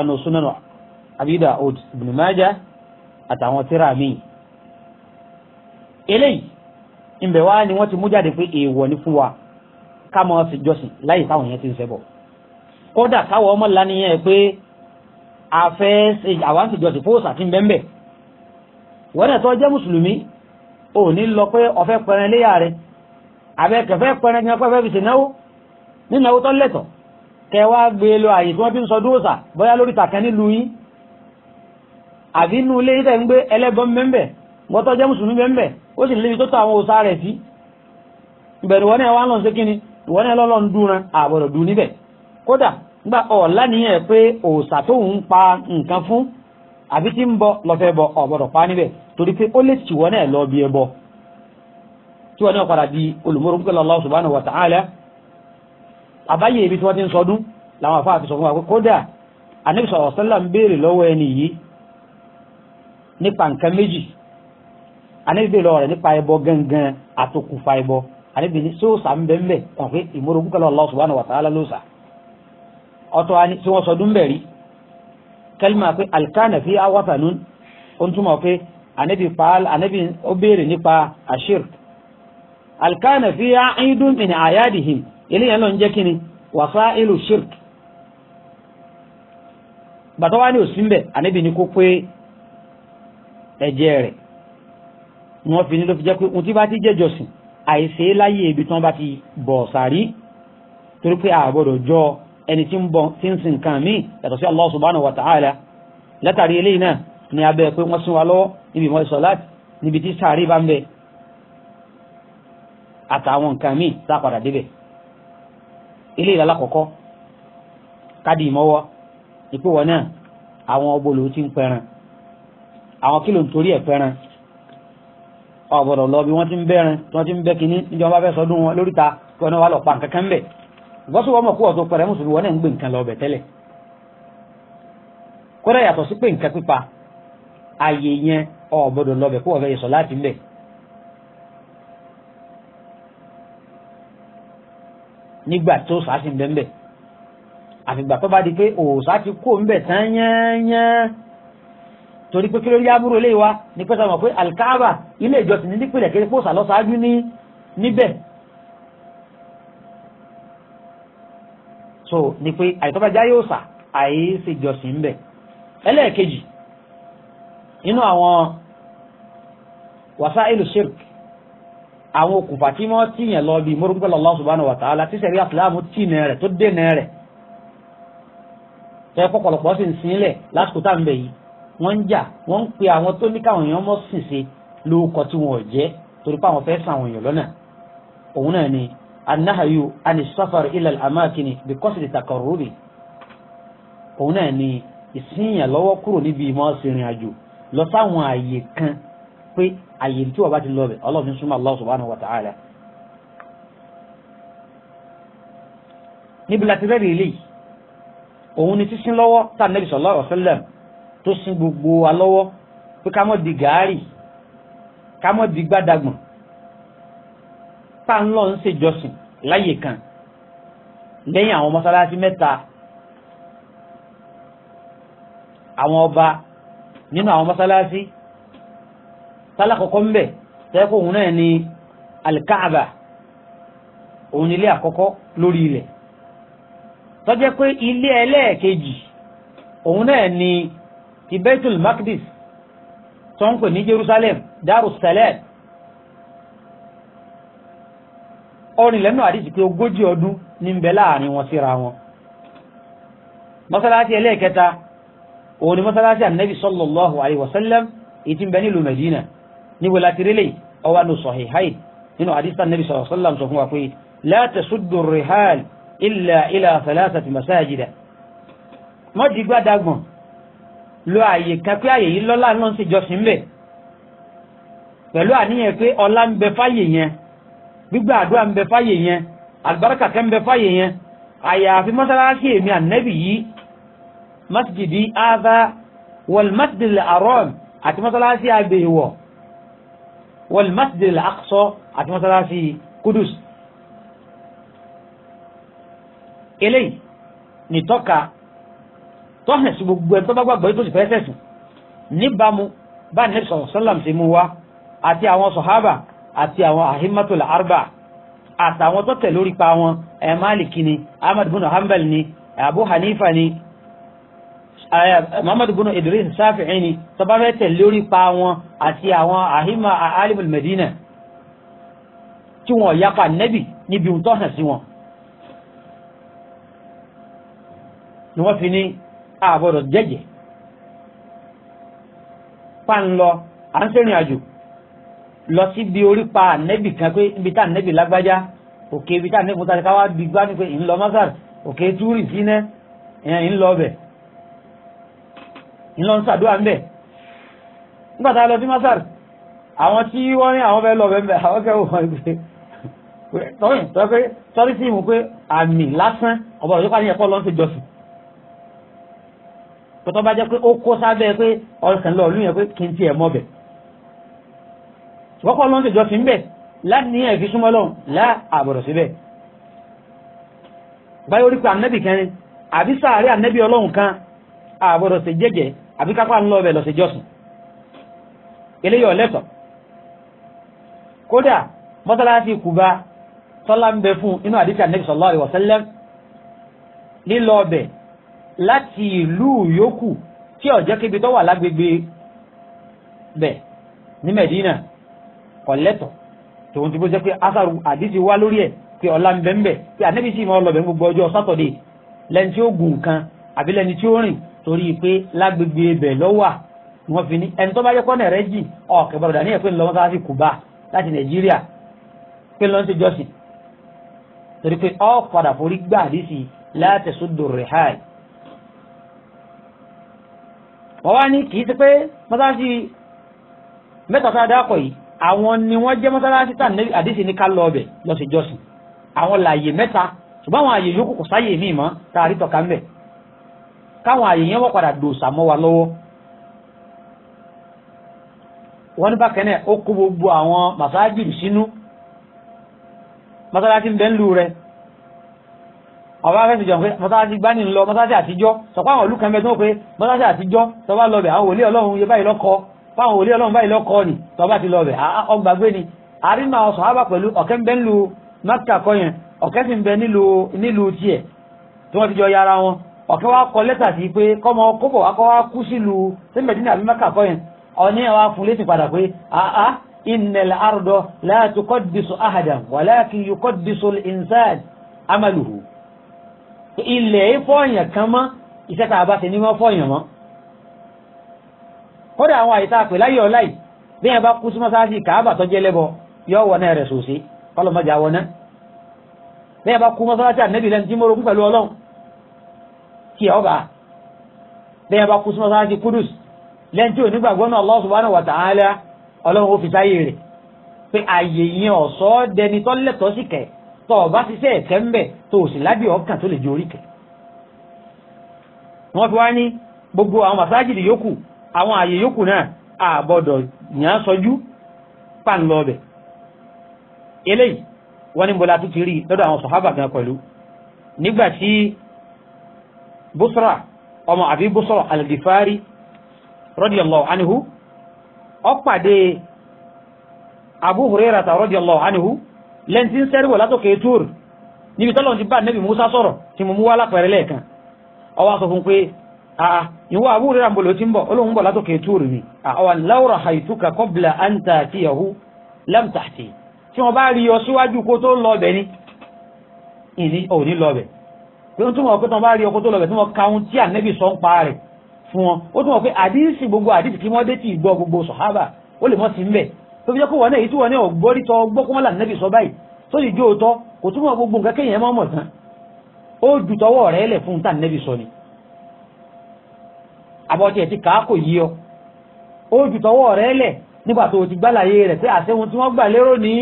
ní ìbẹ̀ wá ni wọ́n ti mú jáde pé èèwọ̀ ni fún wa ká mọ́ sí jọ́sìn láyé táwọn yẹn ti ń ṣẹbọ kódà káwọ́ ọmọ lánìyàn pé àfẹ́ àwọn sì jọ́sìn fóòsà ti ń bẹ́ńbẹ́ wọ́n tó jẹ́ mùsùlùmí ò ní lọ pé ọ̀fẹ́ pẹrẹ léyà rẹ àbẹ́kẹ̀fẹ́ pẹrẹ ní ọpẹ́ fẹ́ fi ṣènáwó nínáwó tó lẹ́tọ̀ọ́ kẹwàá gbé e lọ àyè tí wọ́n fi ń sọ dóòsà bóyá lórí tàkẹ́ nílùú yín àbínú ilé yìí tẹ̀ ń gbé ẹlẹ́bọn mẹ́mbẹ̀ẹ́ gbọtọ jẹ́ mùsùlùmí bẹ́ẹ̀ ó sì lébi tó tọ àwọn òsà rẹ̀ sí ìbẹ̀rù wọn náà wà lọ sí kíni ìwọ náà lọ́lọ́ ń dúnra àbọ̀rọ̀ dùn níbẹ̀ kódà nígbà ọ̀la nìyẹn pé òòsà tó ń pa nǹkan fún àbí tí ń bọ lọ́fẹ́ bọ ọ̀bọ̀rọ̀ pa níbẹ̀ torí pé ó lè tì wọ́n náà lọ bí ẹ bọ tí wọ́n náà di nípa anabi lọ rẹ nípa ẹbọ gangan àtòkùnfà ẹbọ anabi ní sóòsà ń bẹ ń bẹ kàn pé ìmúrogún kọlọ Allah subhanahu wa ta'ala ló sà ọtọ wa ni tí wọn alikana fi awatanun ó ń túmọ̀ pé anabi paal anabi ó béèrè nípa ashir alikana fi aidun min ayadihim eléyàn ló ń jẹ́ kíni wàsá ìlú shirk gbàtọ́ wa ni òsínbẹ̀ anabi ní kó pé ẹ̀jẹ̀ ni wọ́n fi ní ló fi jẹ́ pé ohun tí bá ti jẹ́jọsìn àìṣe láyé ibi tí wọ́n bá ti bọ̀ sàrí torí pé àgbọ̀dọ̀ jọ ẹni tí ń bọ̀ tí ń sin nǹkan míì yàtọ̀ sí Allah subhanahu wa ta'ala látàrí eléyìí náà ni abẹ́ pé wọ́n sún wa lọ́wọ́ níbi ìmọ̀ ìsọ̀láàtì níbi tí sàárì bá ń bẹ àtàwọn nǹkan míì tá a padà débẹ̀ ilé ìlà alákọ̀ọ́kọ́ káàdì ìmọ̀wọ́ ìpéwọ̀ náà àwọn ọbọ̀lù ti ń pẹran àwọn kílò ń torí ẹ̀ pẹran ọ̀bọ̀dọ̀ lọ bí wọ́n ti ń bẹ́rin tí wọ́n ti ń bẹ́ kínní níjọba fẹ́ sọdún wọn lóríta kí wọn wá lọ pa nǹkan kan bẹ̀ ìgbọ́sọ̀ wọn mọ̀ kó ọ̀tọ̀ pẹ̀rẹ́ mùsùlùmí wọn náà ń gbé nǹkan lọ bẹ̀ tẹ́lẹ̀ kódà yàtọ̀ sí pé nǹkan pípa ààyè yẹn ọ̀bọ̀dọ̀ lọ bẹ̀ kó ọ̀fẹ́ yẹsọ̀ láti ń bẹ̀ nígbà tó sàásì ń bẹ́ àfìgbà tó bá di pé òòsà ti kó ń bẹ̀ tán yẹ́nyẹ́ torí pé kí ló rí aburú ilé wa ní pẹ́sà mọ̀ pé alkaaba ilé ìjọsìn nípìnlẹ̀ kí pósà lọ sáájú ní níbẹ̀ so ni pé àìtọ́bàjá yóò sà àìsí ìjọsìn ńbẹ̀ ẹlẹ́ẹ̀kejì nínú àwọn wasailu shirk àwọn okùnfà tí wọ́n tíyàn lọ bí mórúkúpẹ́ Allah subhanahu wa ta'ala tí sẹ̀rí àtìláàmù tí nẹ rẹ̀ tó dé nẹ rẹ̀ tẹ́ pọ̀pọ̀lọpọ̀ sì ń sílẹ̀ lásìkò tá ń bẹ̀ yìí wọ́n ń jà wọ́n ń pe àwọn tó ní káwọn èèyàn mọ́ sìn ṣe lóòkọ tí wọn ò jẹ́ torí pé fẹ́ sàwọn èèyàn lọ́nà òun náà ni anahayu anisafar ilal amakini because it takarubi òun náà ni ìsìnyàn lọ́wọ́ kúrò níbi ìmọ̀ ìrìn àjò lọ sáwọn àyè kan pé àyè tí wọ́n bá ti lọ bẹ̀ ọlọ́run súnmọ́ Allah subhanahu wa ta'ala. níbi láti rẹ́rìí eléyìí òun ni sísín lọ́wọ́ tá a nẹ́bí sallallahu alaihi tó sin gbogbo wa lọ́wọ́ pé ká mọ̀ di gàárì ká mọ̀ di gbàdàgbọ̀n pàǹlọ́ ń ṣèjọsìn láyè kan lẹ́yìn àwọn mọ́sálásí mẹ́ta àwọn ọba nínú àwọn mọ́sálásí tálàkọ̀kọ́ ń bẹ̀ tẹ́kọ̀ òun náà ni alikaaba òun ilé àkọ́kọ́ lórí ilẹ̀ tọ́jẹ́ pé ilé ẹlẹ́ẹ̀kejì òun náà ni ti baitul makdis tó ń pè ní jerusalem darussalam orin lẹ́nu àdísì pé ogójì ọdún ní ń bẹ láàrin wọn síra wọn mọ́sálásí ẹlẹ́ẹ̀kẹta òun ni mọ́sálásí ànábì sallallahu alaihi wasallam ìtí ń bẹ nílùú medina níbo láti rílẹ̀ ọwá ní sahihayn nínú àdísì ànábì sallallahu alaihi wasallam sọ fún wa pé la tasuddu rihal illa ila lo àyè kan pé àyè yìí lọ́lá náà sì jọsìn ń bẹ̀ pẹ̀lú àníyàn pé ọlá ń bẹ fáyè yẹn gbígbà àdúrà ń bẹ fáyè yẹn àlùbáríkà kan ń bẹ fáyè yẹn àyàfi mọ́sálásí èmi ànẹ́bì yìí masjidi aza wal masjid al àti mọ́sálásí agbèwọ̀ wal masjid al àti mọ́sálásí kudus eléyìí nìtọ́ka tó hàn sí gbogbo ẹni tó bá gbàgbọ́ tó sì fẹ́ sẹ̀sìn níbàámu bá ní sọ̀rọ̀ sọ́làm sí mu wá àti àwọn sọ̀hábà àti àwọn àhímátòlá arba àtàwọn tó tẹ̀ lórí pa wọn ẹ̀ máàlìkì ni ahmad bin hanbal ni abu hanifa ni muhammad bin idris shafi'i ni tó bá fẹ́ tẹ̀ lórí pa wọn àti àwọn àhímà alimul medina tí wọn yapa nẹ́bì níbi ohun sí wọn ni wọ́n fi ní àbọ̀dọ̀ jẹ́jẹ́ pàǹlọ à ń sẹ́rìn àjò lọ sí bí orí pa ànẹ́bì kan pé ibi tá ànẹ́bì lágbájá òkè ibi tá ànẹ́bì mọ́tàlẹ́ káwá bí gbá ní pé ń lọ mọ́sàr òkè túrì sínẹ́ ń lọ bẹ̀ ń lọ ń sàdúrà ń bẹ̀ nígbà tá a lọ sí mọ́sàr àwọn tí wọ́n ní àwọn fẹ́ lọ bẹ̀ ń bẹ̀ àwọn kẹ́ wọ́n gbé tọ́rí sí ìmú pé àmì lásán ọ̀bọ̀ òjò pàdé ẹ̀kọ́ lọ́n ti jọsìn tọ́tọ́ bá jẹ́ pé ó kó sábẹ́ pé ọ̀sán lọ lóyún pé kí n tiẹ̀ mọ́ bẹ̀ wọ́pọ̀ lọ́n tẹ̀jọ́ fi ń bẹ̀ láti ẹ̀fi súnmọ́ lọ́hùn lá àbọ̀rọ̀ síbẹ̀ báyọ̀ orí pé ànẹ́bì kẹrin àbí sáàárẹ̀ ànẹ́bì ọlọ́hùn kan àbọ̀rọ̀ sí jẹ́jẹ́ àbí kápá ń lọ bẹ̀ lọ́sẹ̀ jọ́sùn eléyọ̀ lẹ́tọ̀ kódà mọ́sálásí kùbá tọ́lá ń bẹ fún inú àdìsí ànẹ́bì sallallahu alaihi wasallam láti ìlú yòókù tí ọ̀jẹ́ kébi tó wà lágbègbè bẹ̀ ní Medina kọ̀lẹ́tọ̀ tòun ti bó jẹ́ pé asaru àdìsí wá lórí ẹ̀ pé ọ̀la ń bẹ ń bẹ̀ pé ànẹ́bí sì máa lọ̀bẹ̀ gbogbo ọjọ́ sátọ̀dé lẹ́ni tí ó gùn kan àbí lẹ́ni tí ó rìn torí pé lágbègbè bẹ̀ lọ́wà ni wọ́n fi ní ẹni tó bá jẹ́ kọ́nà rẹ̀ jì ọ̀kẹ́ bàbá ní ẹ̀pẹ́ ńlọ́wọ́ sáà sí Kùbá láti Nàìjíríà pé lọ́n ti jọ́sìn torí pé ọ̀ padà forí gbà àdìsí látẹ̀sódò rẹ̀ háì wọ́n wá ní kìí ṣe pé mọ́sálásí mẹ́ta tá a dápọ̀ yìí àwọn ni wọ́n jẹ́ mọ́sálásí tà ní àdìsí ní ká lọ ọbẹ̀ lọ́sẹ̀ jọ́sìn àwọn làyè mẹ́ta ṣùgbọ́n àwọn àyè yòókù kò sáyè míì mọ́ tá a rí tọ̀ka ńbẹ̀ káwọn àyè yẹn wọ́n padà dòòsà mọ́ wa lọ́wọ́ wọ́n ní bákan náà ó kó gbogbo àwọn màsáájì sínú mọ́sálásí ń bẹ ń lu rẹ̀ ọba fẹsẹ̀ jọ pé mọ́sáàsì gbá ní lọ mọ́sáàsì àtijọ́ sọ̀pọ̀ àwọn olùkàn bẹ́ẹ̀ tó pé mọ́sáàsì àtijọ́ tọ́ba lọ́bẹ̀ àwọn òlé ọlọ́run yẹ báyìí lọ́kọ́ fáwọn òlé ọlọ́run báyìí lọ́kọ́ ni tọ́ba ti lọ́bẹ̀ ọgbàgbé ni àrínú àwọn sọ̀hábà pẹ̀lú ọ̀kẹ́ ń bẹ nílùú mákà kọ́ yẹn ọ̀kẹ́ sì ń bẹ nílùú tiẹ̀ tí wọ́n ti jọ yára wọn ọ̀kẹ́ wa kọ lẹ́tà sí pé kọ́mọ kóbọ̀ wa kọ́ wa kú sílùú sí mẹ̀dínà àbí mákà kọ́ yẹn ọ̀ní àwa fún létí padà pé àá innal arda amaluhu ilẹ̀ fọ́ọ̀yàn kan mọ́ iṣẹ́ tá a bá ṣe ní mọ́ fọ́ọ̀yàn mọ́ kódà àwọn àyíká pè láyé ọ̀la yìí bí yẹn bá kú sí mọ́sáàsì kàábà tó jẹ́ lẹ́bọ yọ wọ náà rẹ̀ sòsí kọlọmọjà wọ náà bí yẹn bá kú mọ́sáàsì ànẹ́bì lẹ́nu tí mo rogún pẹ̀lú ọlọ́run kí ẹ ọba bí yẹn bá kú sí mọ́sáàsì kudus lẹ́nu tí onígbàgbọ́ náà Allah subhanahu wa ta'ala ọlọ́run ó fi sáyé rẹ̀ pé àyè yẹn ọ̀sọ́ dẹni tọ́lẹ̀tọ́ tọ́ ọba ṣiṣẹ́ ẹ̀tẹ́ ń bẹ̀ tó sì lábì ọkàn tó lè ju orí kẹ̀. wọ́n fi wá ní gbogbo àwọn màsáàjìdì yòókù àwọn ààyè yòókù náà àbọ̀dọ̀ yàn sọjú pàǹlọ ọbẹ̀ eléyìí wọ́n ní bọ́lá tó ti rí lọ́dọ̀ àwọn sọ̀hábà gan pẹ̀lú nígbà tí bùsọ̀rà ọmọ àbí bùsọ̀rà al-Ghifari radiyallahu anhu ó pàdé Abu Hurairata radiyallahu anhu lẹ́ntí ń sẹ́rìwọ̀ látòkè tóòrù níbi tọ́lọ̀ ti bá nẹ́bì Musa sọ̀rọ̀ tí mo mú wá lápẹ̀rẹ̀ lẹ́ẹ̀kan ọwá sọ fún pé àà ìwọ àbúrò rẹ̀ àbòlò tí ń bọ̀ olóhùn bọ̀ látòkè tóòrù ni àwọn laura haituka kọbla anta àti yahu lamtahti tí wọ́n bá rí ọ síwájú kó tó lọ́ọ̀bẹ̀ ni ìní òní lọ́ọ̀bẹ̀ pé ó túnmọ̀ pé tí wọ́n bá rí ọ kó tó lọ́ọ̀bẹ̀ tí wọ́n kaun tí tó fi jẹ́ kó wọ́n náà èyí tí wọ́n náà gbọ́rí tọ́ gbọ́ kó wọ́n là nẹ́bì sọ báyìí tó sì jó tọ́ kò túnmọ̀ gbogbo nǹkan kéèyàn mọ́ mọ̀ tán ó ju tọwọ́ rẹ̀ lẹ̀ fún tà nẹ́bì sọ ni àbọ̀tí ẹ̀ ti kàá kò yí ọ ó ju tọwọ́ rẹ̀ lẹ̀ nígbà tó ti gbálàyé rẹ̀ pé àṣẹwọn tí wọ́n gbà lérò ní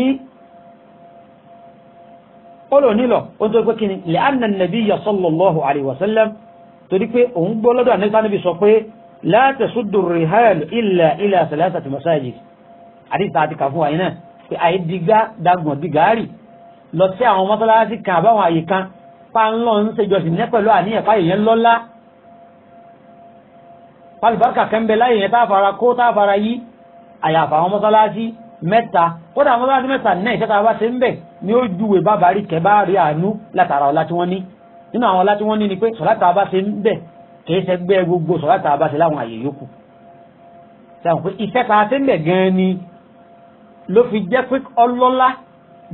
ó lò nílọ ó tó pé kíni àdìsá àti kàfún wáyé náà pé àìdígbá dagbọ̀n di gàárì lọ sí àwọn mọ́sálásí kan àbáwọn àyè kan páńlọ ń ṣèjọsìn ní pẹ̀lú àníyàn fáyè yẹn lọ́lá pálùbáríkà kẹ́ńbẹ́ láyè yẹn tá fara kó tá a fara yí àyàfà àwọn mọ́sálásí mẹ́ta kódà àwọn mọ́sálásí mẹ́ta náà ìṣẹ́ta bá ṣe ń bẹ̀ ni ó júwe bábàárì kẹ́báàrí àánú látara ọlá tí wọ́n ní nínú àwọn ọlá tí wọ́n ní ni pé sọ̀láta bá ṣe ń bẹ̀ kìí ṣe gbogbo sọ̀láta bá ṣe láwọn àyè yòókù. sẹ́wọ̀n pé ìṣẹ́ta ṣe ń bẹ̀ gan-an ni ló fi jẹ́ pé ọlọ́lá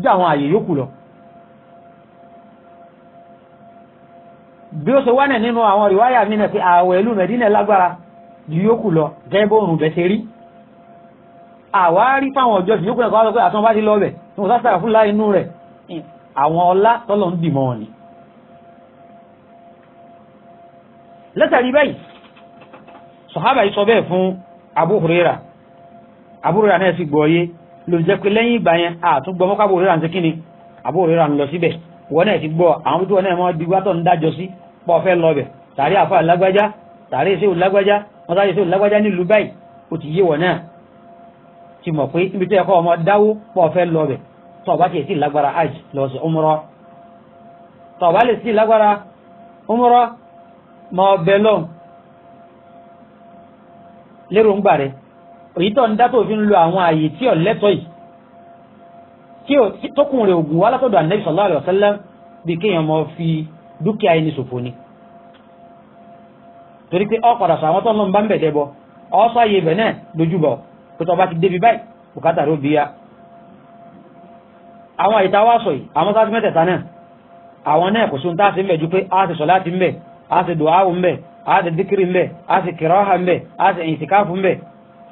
jẹ́ àwọn àyè yòókù lọ. bí ó ṣe wá nẹ̀ nínú àwọn rìwáyà mi náà pé ààwẹ̀ ìlú mẹ̀dínà lágbára ju yòókù lọ gẹ́gẹ́ bó rùn bẹ̀ṣẹ̀ rí. àwárí fáwọn ọjọ́ ìyókù náà kọ́ pé àtúnwá bá ti lọ bẹ̀ tí mo sáṣà fún inú rẹ̀ àwọn ọlá tọ́lọ̀ ń dìmọ̀ ni. látàrí báyìí sọ̀hábà yìí sọ bẹ́ẹ̀ fún Abu Huraira Abu Huraira náà sì gbọ́ yé ló jẹ́ pé lẹ́yìn ìgbà yẹn àtúgbọ́ mọ́ká bò ríra ń ṣe kí ni àbò ríra ń lọ síbẹ̀ wọn náà ti gbọ́ àwọn tó wọn náà mọ́ di wátọ̀ ń dájọ sí pọ̀ fẹ́ lọ bẹ̀ tàrí àfa lágbájá tàrí ṣé ò lágbájá wọn tàrí ṣé ò lágbájá nílùú báyìí ó ti yé wọn náà ti mọ̀ pé ibi tó yẹ kọ́ ọmọ dáwó pọ̀ fẹ́ lọ bẹ̀ tó o bá sí lágbára hajj lọ sí umrọ tó lè sí lágbára umrọ mọ ọbẹ̀ lọ́n lérò ń gbà rẹ̀ èyí tó ń dá tó fi ń lo àwọn ààyè tí ò lẹ́tọ̀ yìí tí ó tókùn rẹ̀ ògùn wá látọ̀dọ̀ ànábì sallallahu alaihi wasallam bí kéèyàn mọ́ fi dúkìá ẹni ṣòfò ni torí pé sọ àwọn tó ń lọ ń bá ń bẹ̀dẹ̀ bọ ọ̀sọ̀ ààyè ibẹ̀ náà lójúbọ̀ pé tó bá ti débi báyìí bùkátà ló ya àwọn àyíká wá sọ yìí àwọn ti mẹ́tẹ̀ẹ̀ta náà àwọn náà kò sóhun tá a ti ń bẹ̀ ju pé a ti sọ láti ń bẹ̀ a ti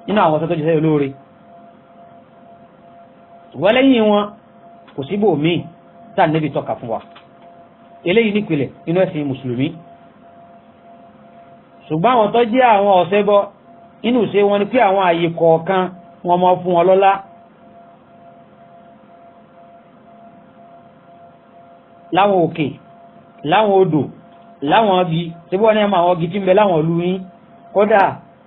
nínú àwọn ọ̀sán tó jẹ́ olóore wẹ́lẹ́yìn wọn kò síbò míì tá nẹ́bí tọ́ka fún wa eléyìí nípìnlẹ̀ nínú ẹ̀sìn mùsùlùmí ṣùgbọ́n àwọn tó jẹ́ àwọn ọ̀sẹ́bọ inú ṣe wọn ni pé àwọn àyè kọ̀ọ̀kan wọn mọ fún wọn lọ́lá láwọn òkè láwọn odò láwọn ọbí ṣe ní àwọn ọgí tí ń bẹ láwọn ìlú yín kódà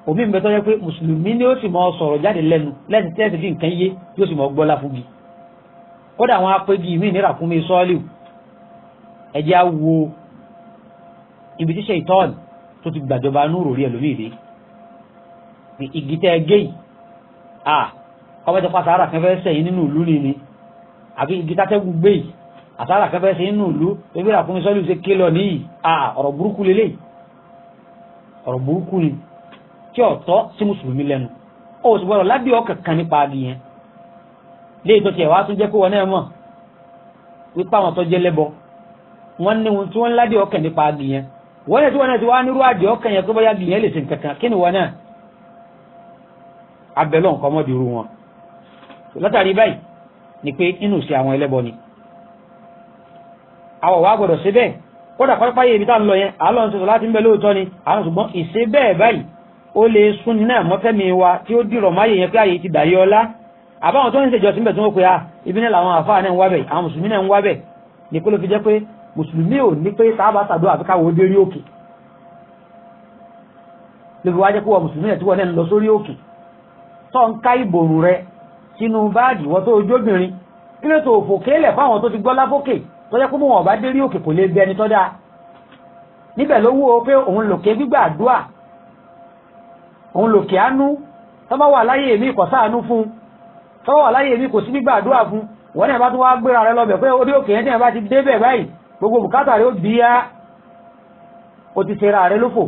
omi ń bẹ tó yẹ pé mùsùlùmí ni ó sì mọ sọ̀rọ̀ jáde lẹ́nu lẹ́sìn tí ẹ̀sìn fi nǹkan yé yóò sì mọ gbọ́lá fún mi kódà àwọn apẹ́gi mi nira fún mi sọ́ọ́lì ẹ̀jẹ̀ á wo ibi tíṣe ìtọ́ọ̀nù tó ti gbàjọba núrò rí ẹlòmíì rí igi tẹ́ ẹ gé yìí à pa sàárà kan sẹ́yìn nínú ìlú ni ni àbí igi tátẹ́gù gbé àsàárà kan sẹ́yìn nínú ìlú ewé rà sọ́ọ́lì ṣe ké lọ níyì à ọ̀rọ̀ burúkú lélẹ́yìí ọ̀rọ̀ burúkú ni tí ọ̀tọ́ sí mùsùlùmí lẹ́nu ó sì gbọ́dọ̀ lábí ọkàn kan nípa adi yẹn léyìí tó tiẹ̀ wá tún jẹ́ pé wọn náà mọ̀ wípé àwọn tó jẹ́ lẹ́bọ wọ́n ní ohun tí wọ́n ládìí ọkàn nípa adi yẹn wọ́n yẹ tí wọ́n náà ti wá nírú àdìí ọkàn yẹn pé bóyá adi yẹn lè ṣe nǹkan kan kí ni wọ́n náà abẹ́lọ́ nǹkan mọ́ dirú wọn látàrí báyìí ni pé inú sí àwọn ẹlẹ́bọ ni àwọn wàá gbọ́dọ̀ ṣe bẹ́ẹ̀ kódà pápáyé ibi tá à ń lọ yẹn àlọ́ ń sọ̀rọ̀ láti ń bẹ lóòótọ́ ni àwọn ṣùgbọ́n ìṣe bẹ́ẹ̀ báyìí ó lè sún ní náà mọ́fẹ́mi wa tí ó dìrọ̀ máyè yẹn pé àyè ti dàyé ọlá àbáwọn tó ń ṣèjọ síbẹ̀ tí wọ́n pe a ibi náà làwọn àfáà náà ń wábẹ̀ àwọn mùsùlùmí náà ń wábẹ̀ ní kó ló fi jẹ́ pé mùsùlùmí ò ní pé sábà sàdó àfi káwọ́ dé rí òkè ló fi wá jẹ́ pé wọ́n mùsùlùmí náà tí wọ́n náà ń lọ sórí òkè tó ń ká ìbòrùn rẹ sínú báàgì wọ́n tó ojóbìnrin kí ló tó òfò kéèlẹ̀ fáwọn tó ti gbọ́ láfókè tó jẹ́ pé wọn ò dé rí òkè kò lè bẹ ẹni tó dáa níbẹ̀ ló wó pé òun lòkè gbígbà àdúrà òun lòkè àánú tọ́bá wà láyé èmi emi sáànú fún tọ́bá wà láyé èmi kò sí gbígbà àdúrà fún wọ́n náà bá tún wá gbéra rẹ lọ́bẹ̀ pé orí òkè yẹn bá ti débẹ̀ báyìí gbogbo bùkátà rẹ ó bí o ti ṣe ra rẹ lófò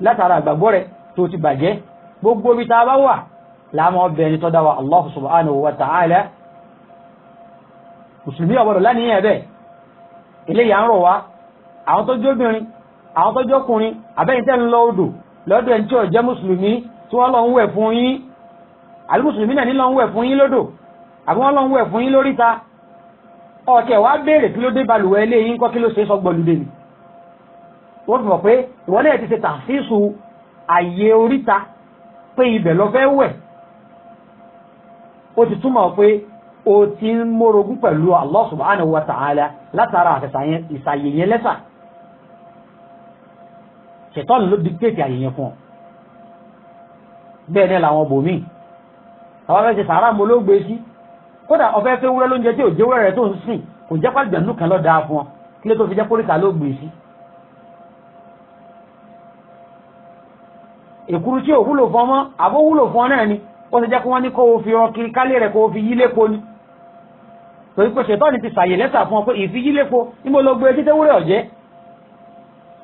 látara àgbàgbọ́ rẹ ti bàjẹ́ gbogbo ibi tá bá wà láàmú ọbẹ̀ ẹni tó wa Allah subhanahu wa ta'ala ń àwọn tó lọ́dọ̀ ẹni tí ó jẹ́ mùsùlùmí tí wọ́n lọ ń wẹ̀ fún yín àbí mùsùlùmí náà ní lọ ń wẹ̀ fún yín lódò àbí wọ́n lọ ń wẹ̀ fún yín lóríta ọ̀tẹ̀ wá béèrè kí ló dé balùwẹ̀ ilé yín kọ́ kí ló ṣe é sọgbọ̀lùdè ni wọ́n fi mọ̀ pé ìwọ ti ṣe tàfíìsù àyè oríta pé ibẹ̀ lọ fẹ́ wẹ̀ ó ti túmọ̀ pé o ti ń mórogún pẹ̀lú Allah subhanahu wa ta'ala látara àfẹ̀sà ìsàyè yẹn lẹ́sà ṣètọ́nù ló dictate àyèyàn fún ọ bẹ́ẹ̀ náà làwọn bòmíì àwọn afẹ́ ṣe sàárà mo ló gbé sí kódà ọ̀fẹ́ fẹ́ wúrẹ́ lóúnjẹ tí ò jẹ́ wẹ́rẹ́ tó ń sìn kò jẹ́ pàgbẹ̀nú kan lọ́ dáa fún ọ kí ló tó fi jẹ́ kórìkà ló gbé sí. èkúrú tí ò wúlò fún ọmọ àbó wúlò fún ọ náà ni ó ti jẹ́ kí wọ́n ní kó o fi ọ kiri kálé rẹ̀ kó o fi yí lépo ni torí pé ṣètọ́ni ti sàyè lẹ́sà fún ọ pé ìfi yí lépo níbo ló gbé títẹ́wúrẹ́ e ọ̀jẹ́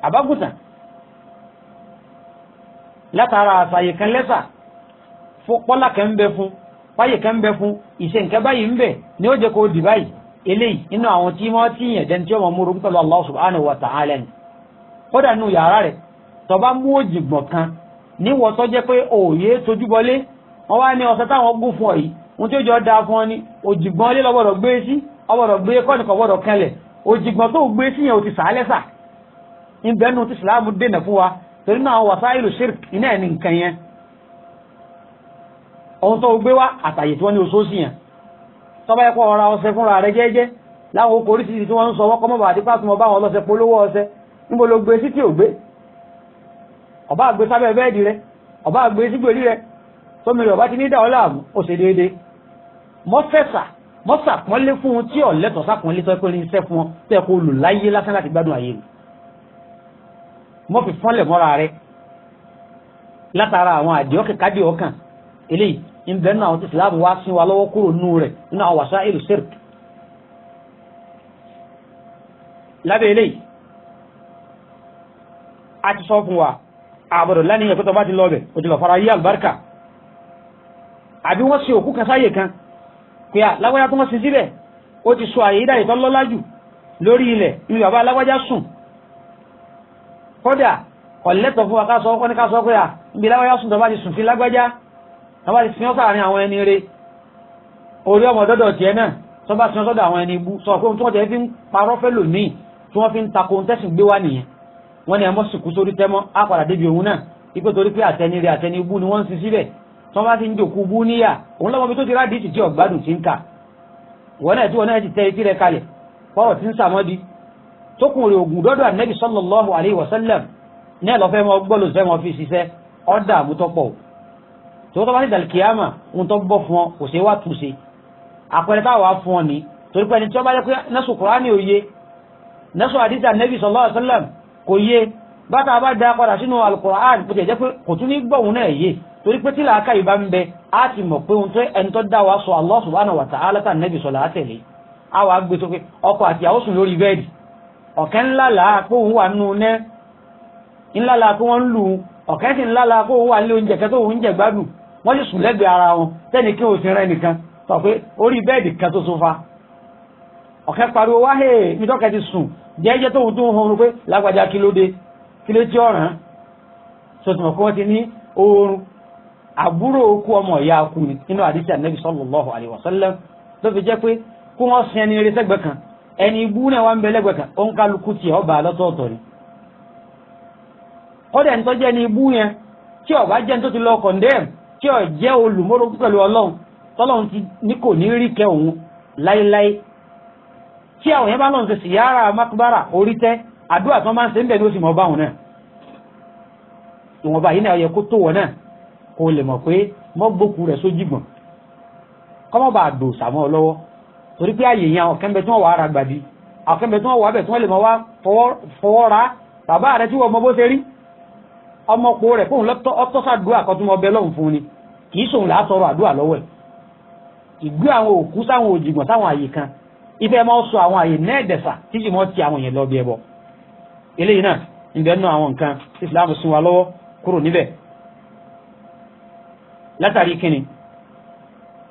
àbágùtàn látara àṣàyè kan lẹ́sà pọ́lá kan ń bẹ fún fáyè kan ń bẹ fún ìṣe nǹkan báyìí ń bẹ ni ó jẹ́ kó di báyìí eléyìí inú àwọn tí wọ́n ti yàn dẹni tí wọ́n mú orúkọ lọ́wọ́ Allah subhanahu wa ta'ala kódà nù yàrá rẹ̀ tó bá mú òjìgbọ̀n kan níwọ̀ jẹ́ pé wọ́n wá ní ọ̀sẹ̀ táwọn ni òjìgbọ̀n lé gbé torí náà wàsáìlù shirk iná ẹ̀ ní nǹkan yẹn ohun tó gbé wá àtàyè tí wọ́n ní oṣooṣì yẹn tọ́bá ẹ̀kọ́ ọ̀ra ọṣẹ fúnra rẹ̀ jẹ́jẹ́ láwọn oko oríṣiríṣi tí wọ́n ń sọ wọ́kọ́ mọ̀bà àti pàtùmọ̀ báwọn ọlọ́ṣẹ polówó ọṣẹ níbo ló gbé sí tí ò gbé ọba àgbé sábẹ́ bẹ́ẹ̀dì rẹ ọba àgbé sígbèrí rẹ tómi rẹ ọba ti ní dà ọ́ láàmú ó ṣe déédéé mọ́fẹ́sà mọ́sàpọ́nlé fún un tí ọ̀lẹ́tọ̀ sápọ́nlé tọ́ pé ní iṣẹ́ fún ọ tẹ́ kó lò láyé lásán láti gbádùn ayé mi mọ́ fi fọ́nlẹ̀ mọ́ra rẹ̀ látara àwọn àdìọ́kẹ̀ kádìí ọkàn ilé ń bẹ nínú àwọn wá sí wa lọ́wọ́ kúrò nínú rẹ̀ nínú àwọn ìlú sírk a ti sọ fún wa àbọ̀dọ̀ lánìyàn pé tó bá ti kan kan pé wọ́n síbẹ̀ ó ti sọ àyè tó lọ́lá jù lórí kódà kọ̀lẹ́tọ̀ fún wa ká sọ ọkọ ní ká sọ pé à níbi lágbájá sùn tó bá ti sùn fi lágbájá tó bá ti sin ọ́ sáàrin àwọn ẹni re orí ọmọ dọ́dọ̀ tiẹ̀ náà tó bá sin ọ́ sọ́dọ̀ àwọn ẹni bú sọ pé ohun tí wọ́n tẹ̀ fi ń parọ́ fẹ́ lòmíì tí wọ́n fi ń takò ohun tẹ́sìn gbé wá nìyẹn wọ́n ní ẹmọ́ sìnkú sórí tẹ́mọ́ á padà débi òun náà ipò torí pé àtẹni rẹ̀ àtẹni bú ni wọ́n ń ti ń tó kùn rè ògùn dọ́dọ̀ ànẹ́bì sallallahu alayhi wa sallam ní ẹ̀lọ́fẹ́ mọ́ gbọ́lù fẹ́ mọ́ fi ṣiṣẹ́ ọ̀dà àmútọ́pọ̀ tó tọ́ bá ti dàlùkìyàmà ń tọ́ bọ́ fún ọ kò ṣe wá túnṣe àpẹẹrẹ táwa fún ọ ni torí pé ẹni tí wọ́n bá jẹ́ pé nẹ́sùn kùránì ò yé nẹ́sùn àdìsí ànẹ́bì sallallahu alayhi wa sallam kò yé báta bá da padà sínú alukur'an bó ti jẹ́ pé kò tún ní gbọ̀hún náà yé torí pé tí làákà yìí ń bẹ á ti mọ̀ pé ohun tó ẹni tó dá wa sọ Allah subhanahu wa ta'ala tàn nẹ́bì sọ̀lá àtẹ̀lé á wàá gbé sókè ọkọ àtìyàwó sùn lórí bẹ́ẹ̀dì ọ̀kẹ́ ńlálà kó ụwa wà nù nẹ́ ńlálà kó ń lù ọ̀kẹ́ sì ńlálà kó wà nílé oúnjẹ kẹ́ wọ́n sì sùn lẹ́gbẹ̀ẹ́ ara wọn tẹ́ni kí rẹ nìkan sọ pé orí bẹ́ẹ̀dì kan tó ọ̀kẹ́ pariwo wá hèè nítọ́kẹ́ sùn jẹ́jẹ́ tó ń pé lágbàjá kí dé kí ẹni ibú náà ń bẹ ka ó ń kálukú tiẹ̀ ọba ni kọ́dẹ̀ ń tọ́jú ẹni ibú yẹn tí ọba jẹ́ tó ti lọ kọ̀ndẹ́m tí ọ jẹ́ olùmọ́rogún pẹ̀lú ọlọ́run tọ́lọ́run ti ní kò ní rí kẹ òun láéláé tí àwọn yẹn bá lọ́n ṣe síyára makubara orí àdúrà tí wọ́n máa ń ṣe ń bẹ̀ ní oṣù náà yìí náà yẹ kó tó wọn torí pé àyè yẹn ọ̀kẹ́ mbẹ tí wọ́n wà ara gbàdí ọ̀kẹ́ mbẹ tí wọ́n wà bẹ̀ tí wọ́n lè mọ́ wá fọwọ́ ra bàbá rẹ̀ tí wọ́n mọ bó ṣe rí ọmọpò rẹ̀ fóun lọ́tọ́sàdúrà kan tó lọ́hùn fún ni kì í sòun látọrọ àdúrà lọ́wọ́ ẹ̀ ìgbé àwọn òkú sáwọn òjìgbọ̀n sáwọn àyè kan ìfẹ́ mọ́ sọ àwọn àyè nẹ́ẹ̀dẹ̀sà tí sì mọ́ ti àwọn èèyàn lọ bí ẹbọ eléyìí náà ìbẹ̀ nù àwọn nǹkan Islam sún wa lọ́wọ́ kúrò níbẹ̀ látàrí kíni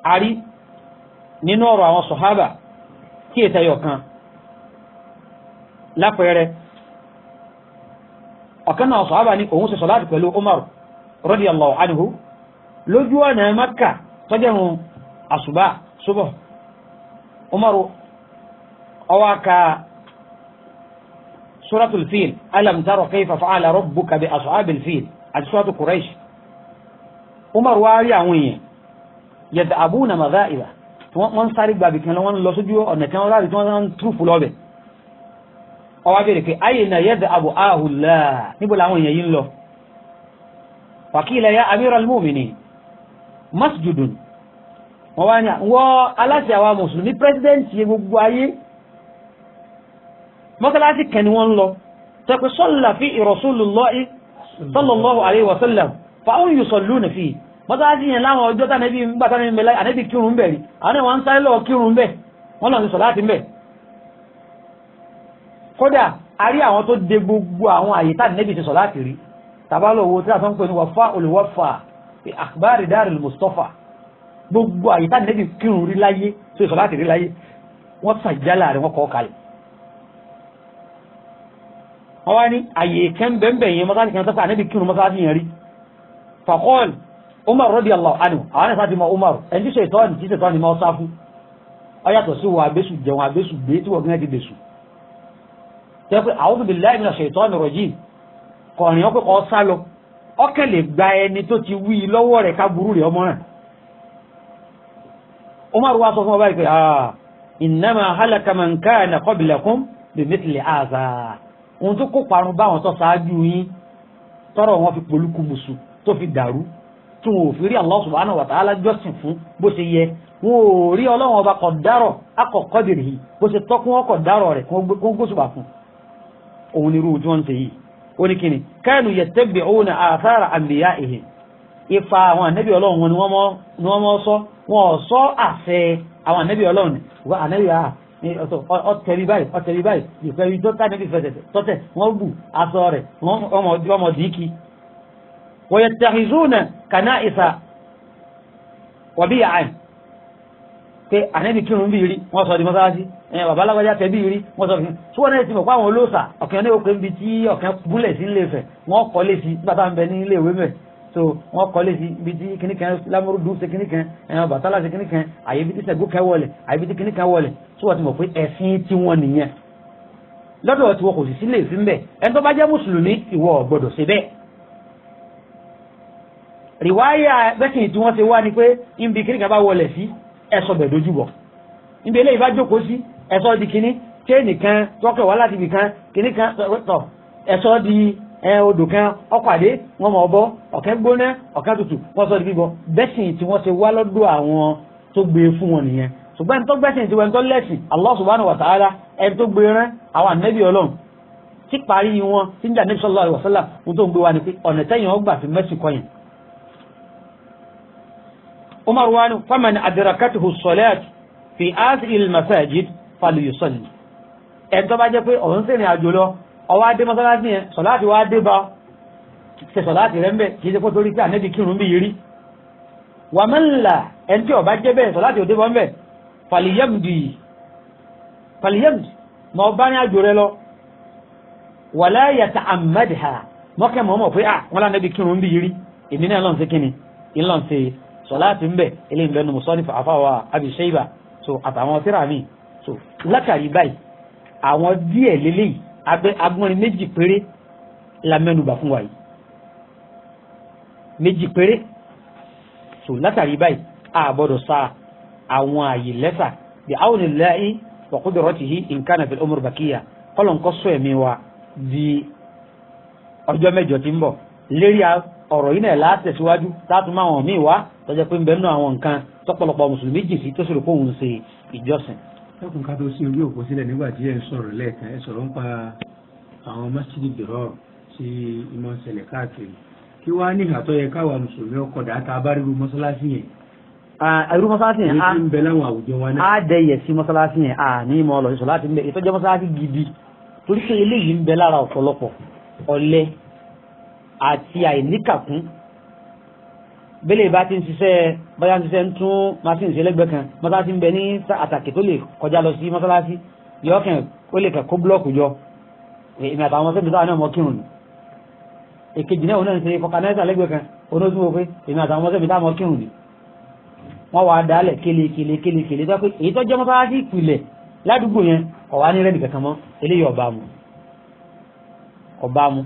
a nínú ọ̀rọ̀ àwọn sọ̀hábà kí ètayọ̀ kan lápẹẹrẹ ọ̀kan náà sọ̀hábà ní òun ṣe sọ̀láàtì pẹ̀lú Umar radiyallahu anhu lójú ọ̀nà Makka tọ́jẹ̀rún àṣùbà ṣubọ̀ Umar ọwá ka suratul fil alam tara kayfa fa'ala rabbuka bi ashabil fil àti suratu Quraysh Umar wá rí àwọn èèyàn yad'abuna madha'iba wọ́n ń sáré gbàbì kan lọ wọ́n ń lọ sójú ọ̀nà tí wọ́n rárí tí wọ́n ń túrùfù lọ́bẹ̀ ọwá bèèrè pé ayé na yẹ́dà àbò ahùlá níbo làwọn èèyàn yìí ń lọ wàkílà ya amir al-mumini masjidun wọ́n wá ní wọ́ aláṣẹ àwa mùsùlùmí pírẹsidẹ́ǹtì gbogbo ayé mọ́sálásí kan ni wọ́n lọ tẹ́pẹ́ sọ́lá fi rasulullahi sallallahu alaihi wasallam fa'un yusalluna fi mọ́sáájì yẹn láwọn ọjọ́ tánẹ́bí gbàtánẹ́ ń bẹ̀lẹ́ ànẹ́bí kírun ń bẹ̀ rí àwọn ẹ̀wọ̀n ń sáré lọ kírun ń bẹ̀ wọ́n lọ sí sọ láti ń bẹ̀ kódà a rí àwọn tó de gbogbo àwọn àyè tánẹ́bí ti sọ láti rí tàbálọ̀wọ́ tí a sọ ń pè ní wàfá olùwọ́fà àkbárí dárìl mustapha gbogbo àyè tánẹ́bí kírun rí láyé tó sọ láti rí láyé wọ́n sàjálà rẹ̀ wọ́n kọ́ kalẹ̀ wọ́n wá ní àyè kẹ́ńbẹ̀ńbẹ̀ yẹn mọ́sáájì kan sọ́kà ànẹ́bí kírun yẹn rí fàkọ́ọ̀lù umar rọ́dí allah anu àwọn ẹ̀sá ti mọ umar ẹni tí ṣètọ́ni tí ṣètọ́ni mọ́ sá fún ọyàtọ̀ sí wọn àgbésù jẹun àgbésù gbé tí wọ́n gẹ́gẹ́ dèṣù tẹ́ pé a'udhu billahi minash shaitani rajim kọ̀rin ọpẹ́ kọ́ sá lọ ọkẹ̀lẹ̀ gba ẹni tó ti wí lọ́wọ́ rẹ̀ ká burú rẹ̀ ọmọ rẹ̀ umar wa sọ fún ọba ah, ìpè innama halaka man kana qablakum bimithli hadha tó fi polúkúmuṣu tí wọn ò fi rí Allah subhanahu wa ta'ala jọ́sìn fún bó ṣe yẹ wọn ò rí ọlọ́run ọba kọ̀ dárọ̀ akọ̀kọ́ bèrè yìí bó ṣe tọ́kún ọkọ̀ dárọ̀ rẹ̀ kó gbóṣùbà fún òun ni irú ojú wọn ṣe yìí ó ní kíni kanu yattabi'una athara anbiya'ihim ifa àwọn ànẹ́bí ọlọ́run ni wọ́n mọ́ sọ wọn ò sọ àṣẹ àwọn ànẹ́bí ọlọ́run wọ́n ànẹ́bí àá ọtẹ̀rí báyìí ọtẹ̀rí báyìí ìfẹ́ ibi níbi fẹsẹ̀ tọ́tẹ̀ wọ́n bù aṣọ rẹ̀ wọ́n ọmọdé kí wọ̀yẹ̀tàhìzúnà kanáìsà wàbí àán pé ànẹ́bì kírun bí rí wọ́n sọ di mọ́sáwájú ẹ̀yìn bàbá alágbájá tẹ́ bí rí wọ́n sọ fún tí wọ́n náà ti mọ̀ pé àwọn olóòsà ọ̀kẹ́ ní òpin bí tí ọ̀kẹ́ gúnlẹ̀ sí ilé Ifẹ̀ wọ́n kọ́ lé sí nígbà táwọn bẹ ní ilé ìwé mẹ́ so wọ́n kọ́ lé sí bí tí kìnnìkan lámúrúdú ṣe kini ẹ̀yìn aye ṣe kìnnìkan àyè bí tí sẹ̀gúkẹ́ wọlé àyè bí tí kìnnìkan wọlé tí wọ́n ti mọ̀ pé ẹ̀sìn tí wọ́n nìyẹn lọ́dọ̀ tí wọ́n kò sì sílé ìfínbẹ̀ ẹni tó bá jẹ́ mùsùlùmí ìwọ ò gbọ́dọ̀ ṣe bẹ́ẹ̀ rìwáyà bẹ́sìn tí wọ́n ṣe wá ni pé níbi kíníkà bá wọlẹ̀ sí ẹ̀sọ́ bẹ̀ dojúbọ̀ níbi eléyìí bá jókòó sí ẹ̀sọ́ di kíní téènì kan tọ́kẹ̀ wá láti ibì kan kíní kan tọ̀ ẹ̀sọ́ di odò kan ọ̀pàdé wọn mọ̀ ọbọ̀ ọ̀kẹ́ gbóná ọ̀kẹ́ tutù wọ́n sọ di bíbọ̀ bẹ́sìn tí wọ́n ṣe wá lọ́dọ̀ àwọn tó gbé fún wọn nìyẹn ṣùgbọ́n tó gbẹ́sìn tí wọ́n tó lẹ́sìn Allah subhanahu wa ta'ala ẹni tó gbé rán àwọn ànẹ́bí ọlọ́run tí parí wọn tí ń jà níbi sallallahu alaihi wasallam wọn tó ń gbé wa ni pé ọ̀nà tẹ́yìn ọgbà fi mẹ́sìn umar wani faman adrakatuhu salat fi asiril masajid falyusalli ẹni tó bá jẹ́ pé ọ̀hún sí ìrìn àjò lọ ọwá dé mọ́sálásí yẹn sọ̀láàtì wá dé bá ṣe sọ̀láàtì rẹ̀ ń bẹ̀ kìí ṣe kó torí pé ànẹ́bì kírun bí yìí wà mọ́nlá ẹni tí ọba jẹ́ bẹ́ẹ̀ sọ̀láàtì ò dé bọ́ ń bẹ̀ fàlìyẹ́mdì fàlìyẹ́mdì mọ́ ní àjò rẹ lọ wà láyàtà àmàdìhà mọ́kẹ́ mọ́ pé à ah, wọ́n lánàbì kírun bí yìí èmi náà lọ́n ṣe kíni ìlọ́n ṣe sọláàtì ń bẹ ilé ìbẹ̀ nu musọ́lì àfàwà abishayba so àtàwọn tíra mi so látàrí báyìí àwọn díẹ̀ lélẹ́yìí abẹ́ agbọ́nrin méjì péré la mẹ́nubà fún wa yìí méjì péré so látàrí báyìí a gbọ́dọ̀ sa àwọn àyè lẹ́sà bí àwọn ìlẹ́yìí wa qudratihi in kana fil umur bakiya kọ́lọ̀ ń kọ́ sọ ẹ̀mí wa di ọjọ́ mẹ́jọ tí ń bọ̀ lérí a ọ̀rọ̀ yìí náà látẹ̀síwájú látún máa wọ̀n míì wá tọ́jà pé ń bẹ́ẹ̀ nù àwọn nǹkan tọ́pọ̀lọpọ̀ mùsùlùmí jì sí tó sì rò pé òun ṣe ìjọsìn. lẹ́kùn ká tó sí orí òpó sílẹ̀ nígbà tí ẹ̀ ń sọ̀rọ̀ lẹ́ẹ̀kan ẹ̀ sọ̀rọ̀ ń pa àwọn masjid bìrọ̀ sí ìmọ̀ ṣẹlẹ̀ káàkiri kí wàá ní ìhàtọ́ yẹ káwa mùsùlùmí ọkọ̀ dáta bá ríru mọ́sálásí yẹn. àìrú mọ́sálásí yẹn á dẹyẹ sí gidi torí pé eléyìí ń bẹ lára àti àìníkàkún bẹ́lẹ̀ bá ti ń ṣiṣẹ́ bọ́yá ń ṣiṣẹ́ ń tún machine ṣe lẹ́gbẹ̀ẹ́ kan mọ́sálásí ń bẹ ní àtàkì tó lè kọjá lọ sí mọ́sálásí yọ̀ọ́kàn ó lè kàn kó búlọ́ọ̀kù jọ èmi àtàwọn ọmọ sẹ́gbẹ̀ẹ́ náà mọ kírun nù èkejì náà náà ń ṣe fọkànẹ́sà lẹ́gbẹ̀ẹ́ kan onójúmọ́ pé èmi àtàwọn ọmọ sẹ́gbẹ̀ẹ́ náà mọ kírun nù wọ́n wá dálẹ̀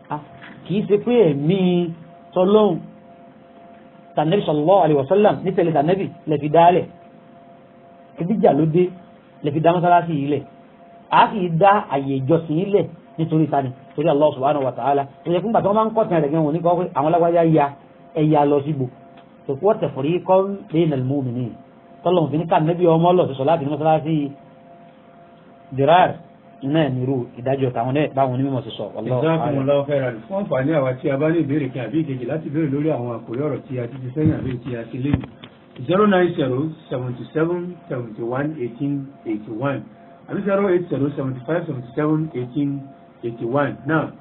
kì í ṣe pé ẹ̀mí tọlọ́hun tànẹ́bí sallallahu alaihi wasallam ní tẹ̀lé tànẹ́bí lẹ́fi dálẹ̀ kìdíjà ló dé lẹ́fi dá mọ́sálásí yìí lẹ̀ a sì dá àyè ìjọsìn yìí lẹ̀ nítorí tani torí Allah subhanahu wa ta'ala tó yẹ fún gbàtọ́ máa ń kọ́tìn rẹ̀ gan wọn ní kọ́ pé àwọn alágbájá ya ẹ̀yà lọ síbò tó kú ọ̀tẹ̀ fòrí náà nírú ìdájọ́ táwọn náà báwọn onímọ̀ ṣe sọ. ìzákùnmọ̀láwọ́ fẹ́ ra rẹ̀ fún àǹfààní àwa tí a bá ní ìbéèrè kan àbí ìkejì láti béèrè lórí àwọn àkòrí ọ̀rọ̀ tí a ti ti sẹ́yìn àbí tí a ti lé ní zero nine zero seventy seven seventy one eighteen eighty one àbí zero eight zero seventy five seventy seven eighteen eighty one náà.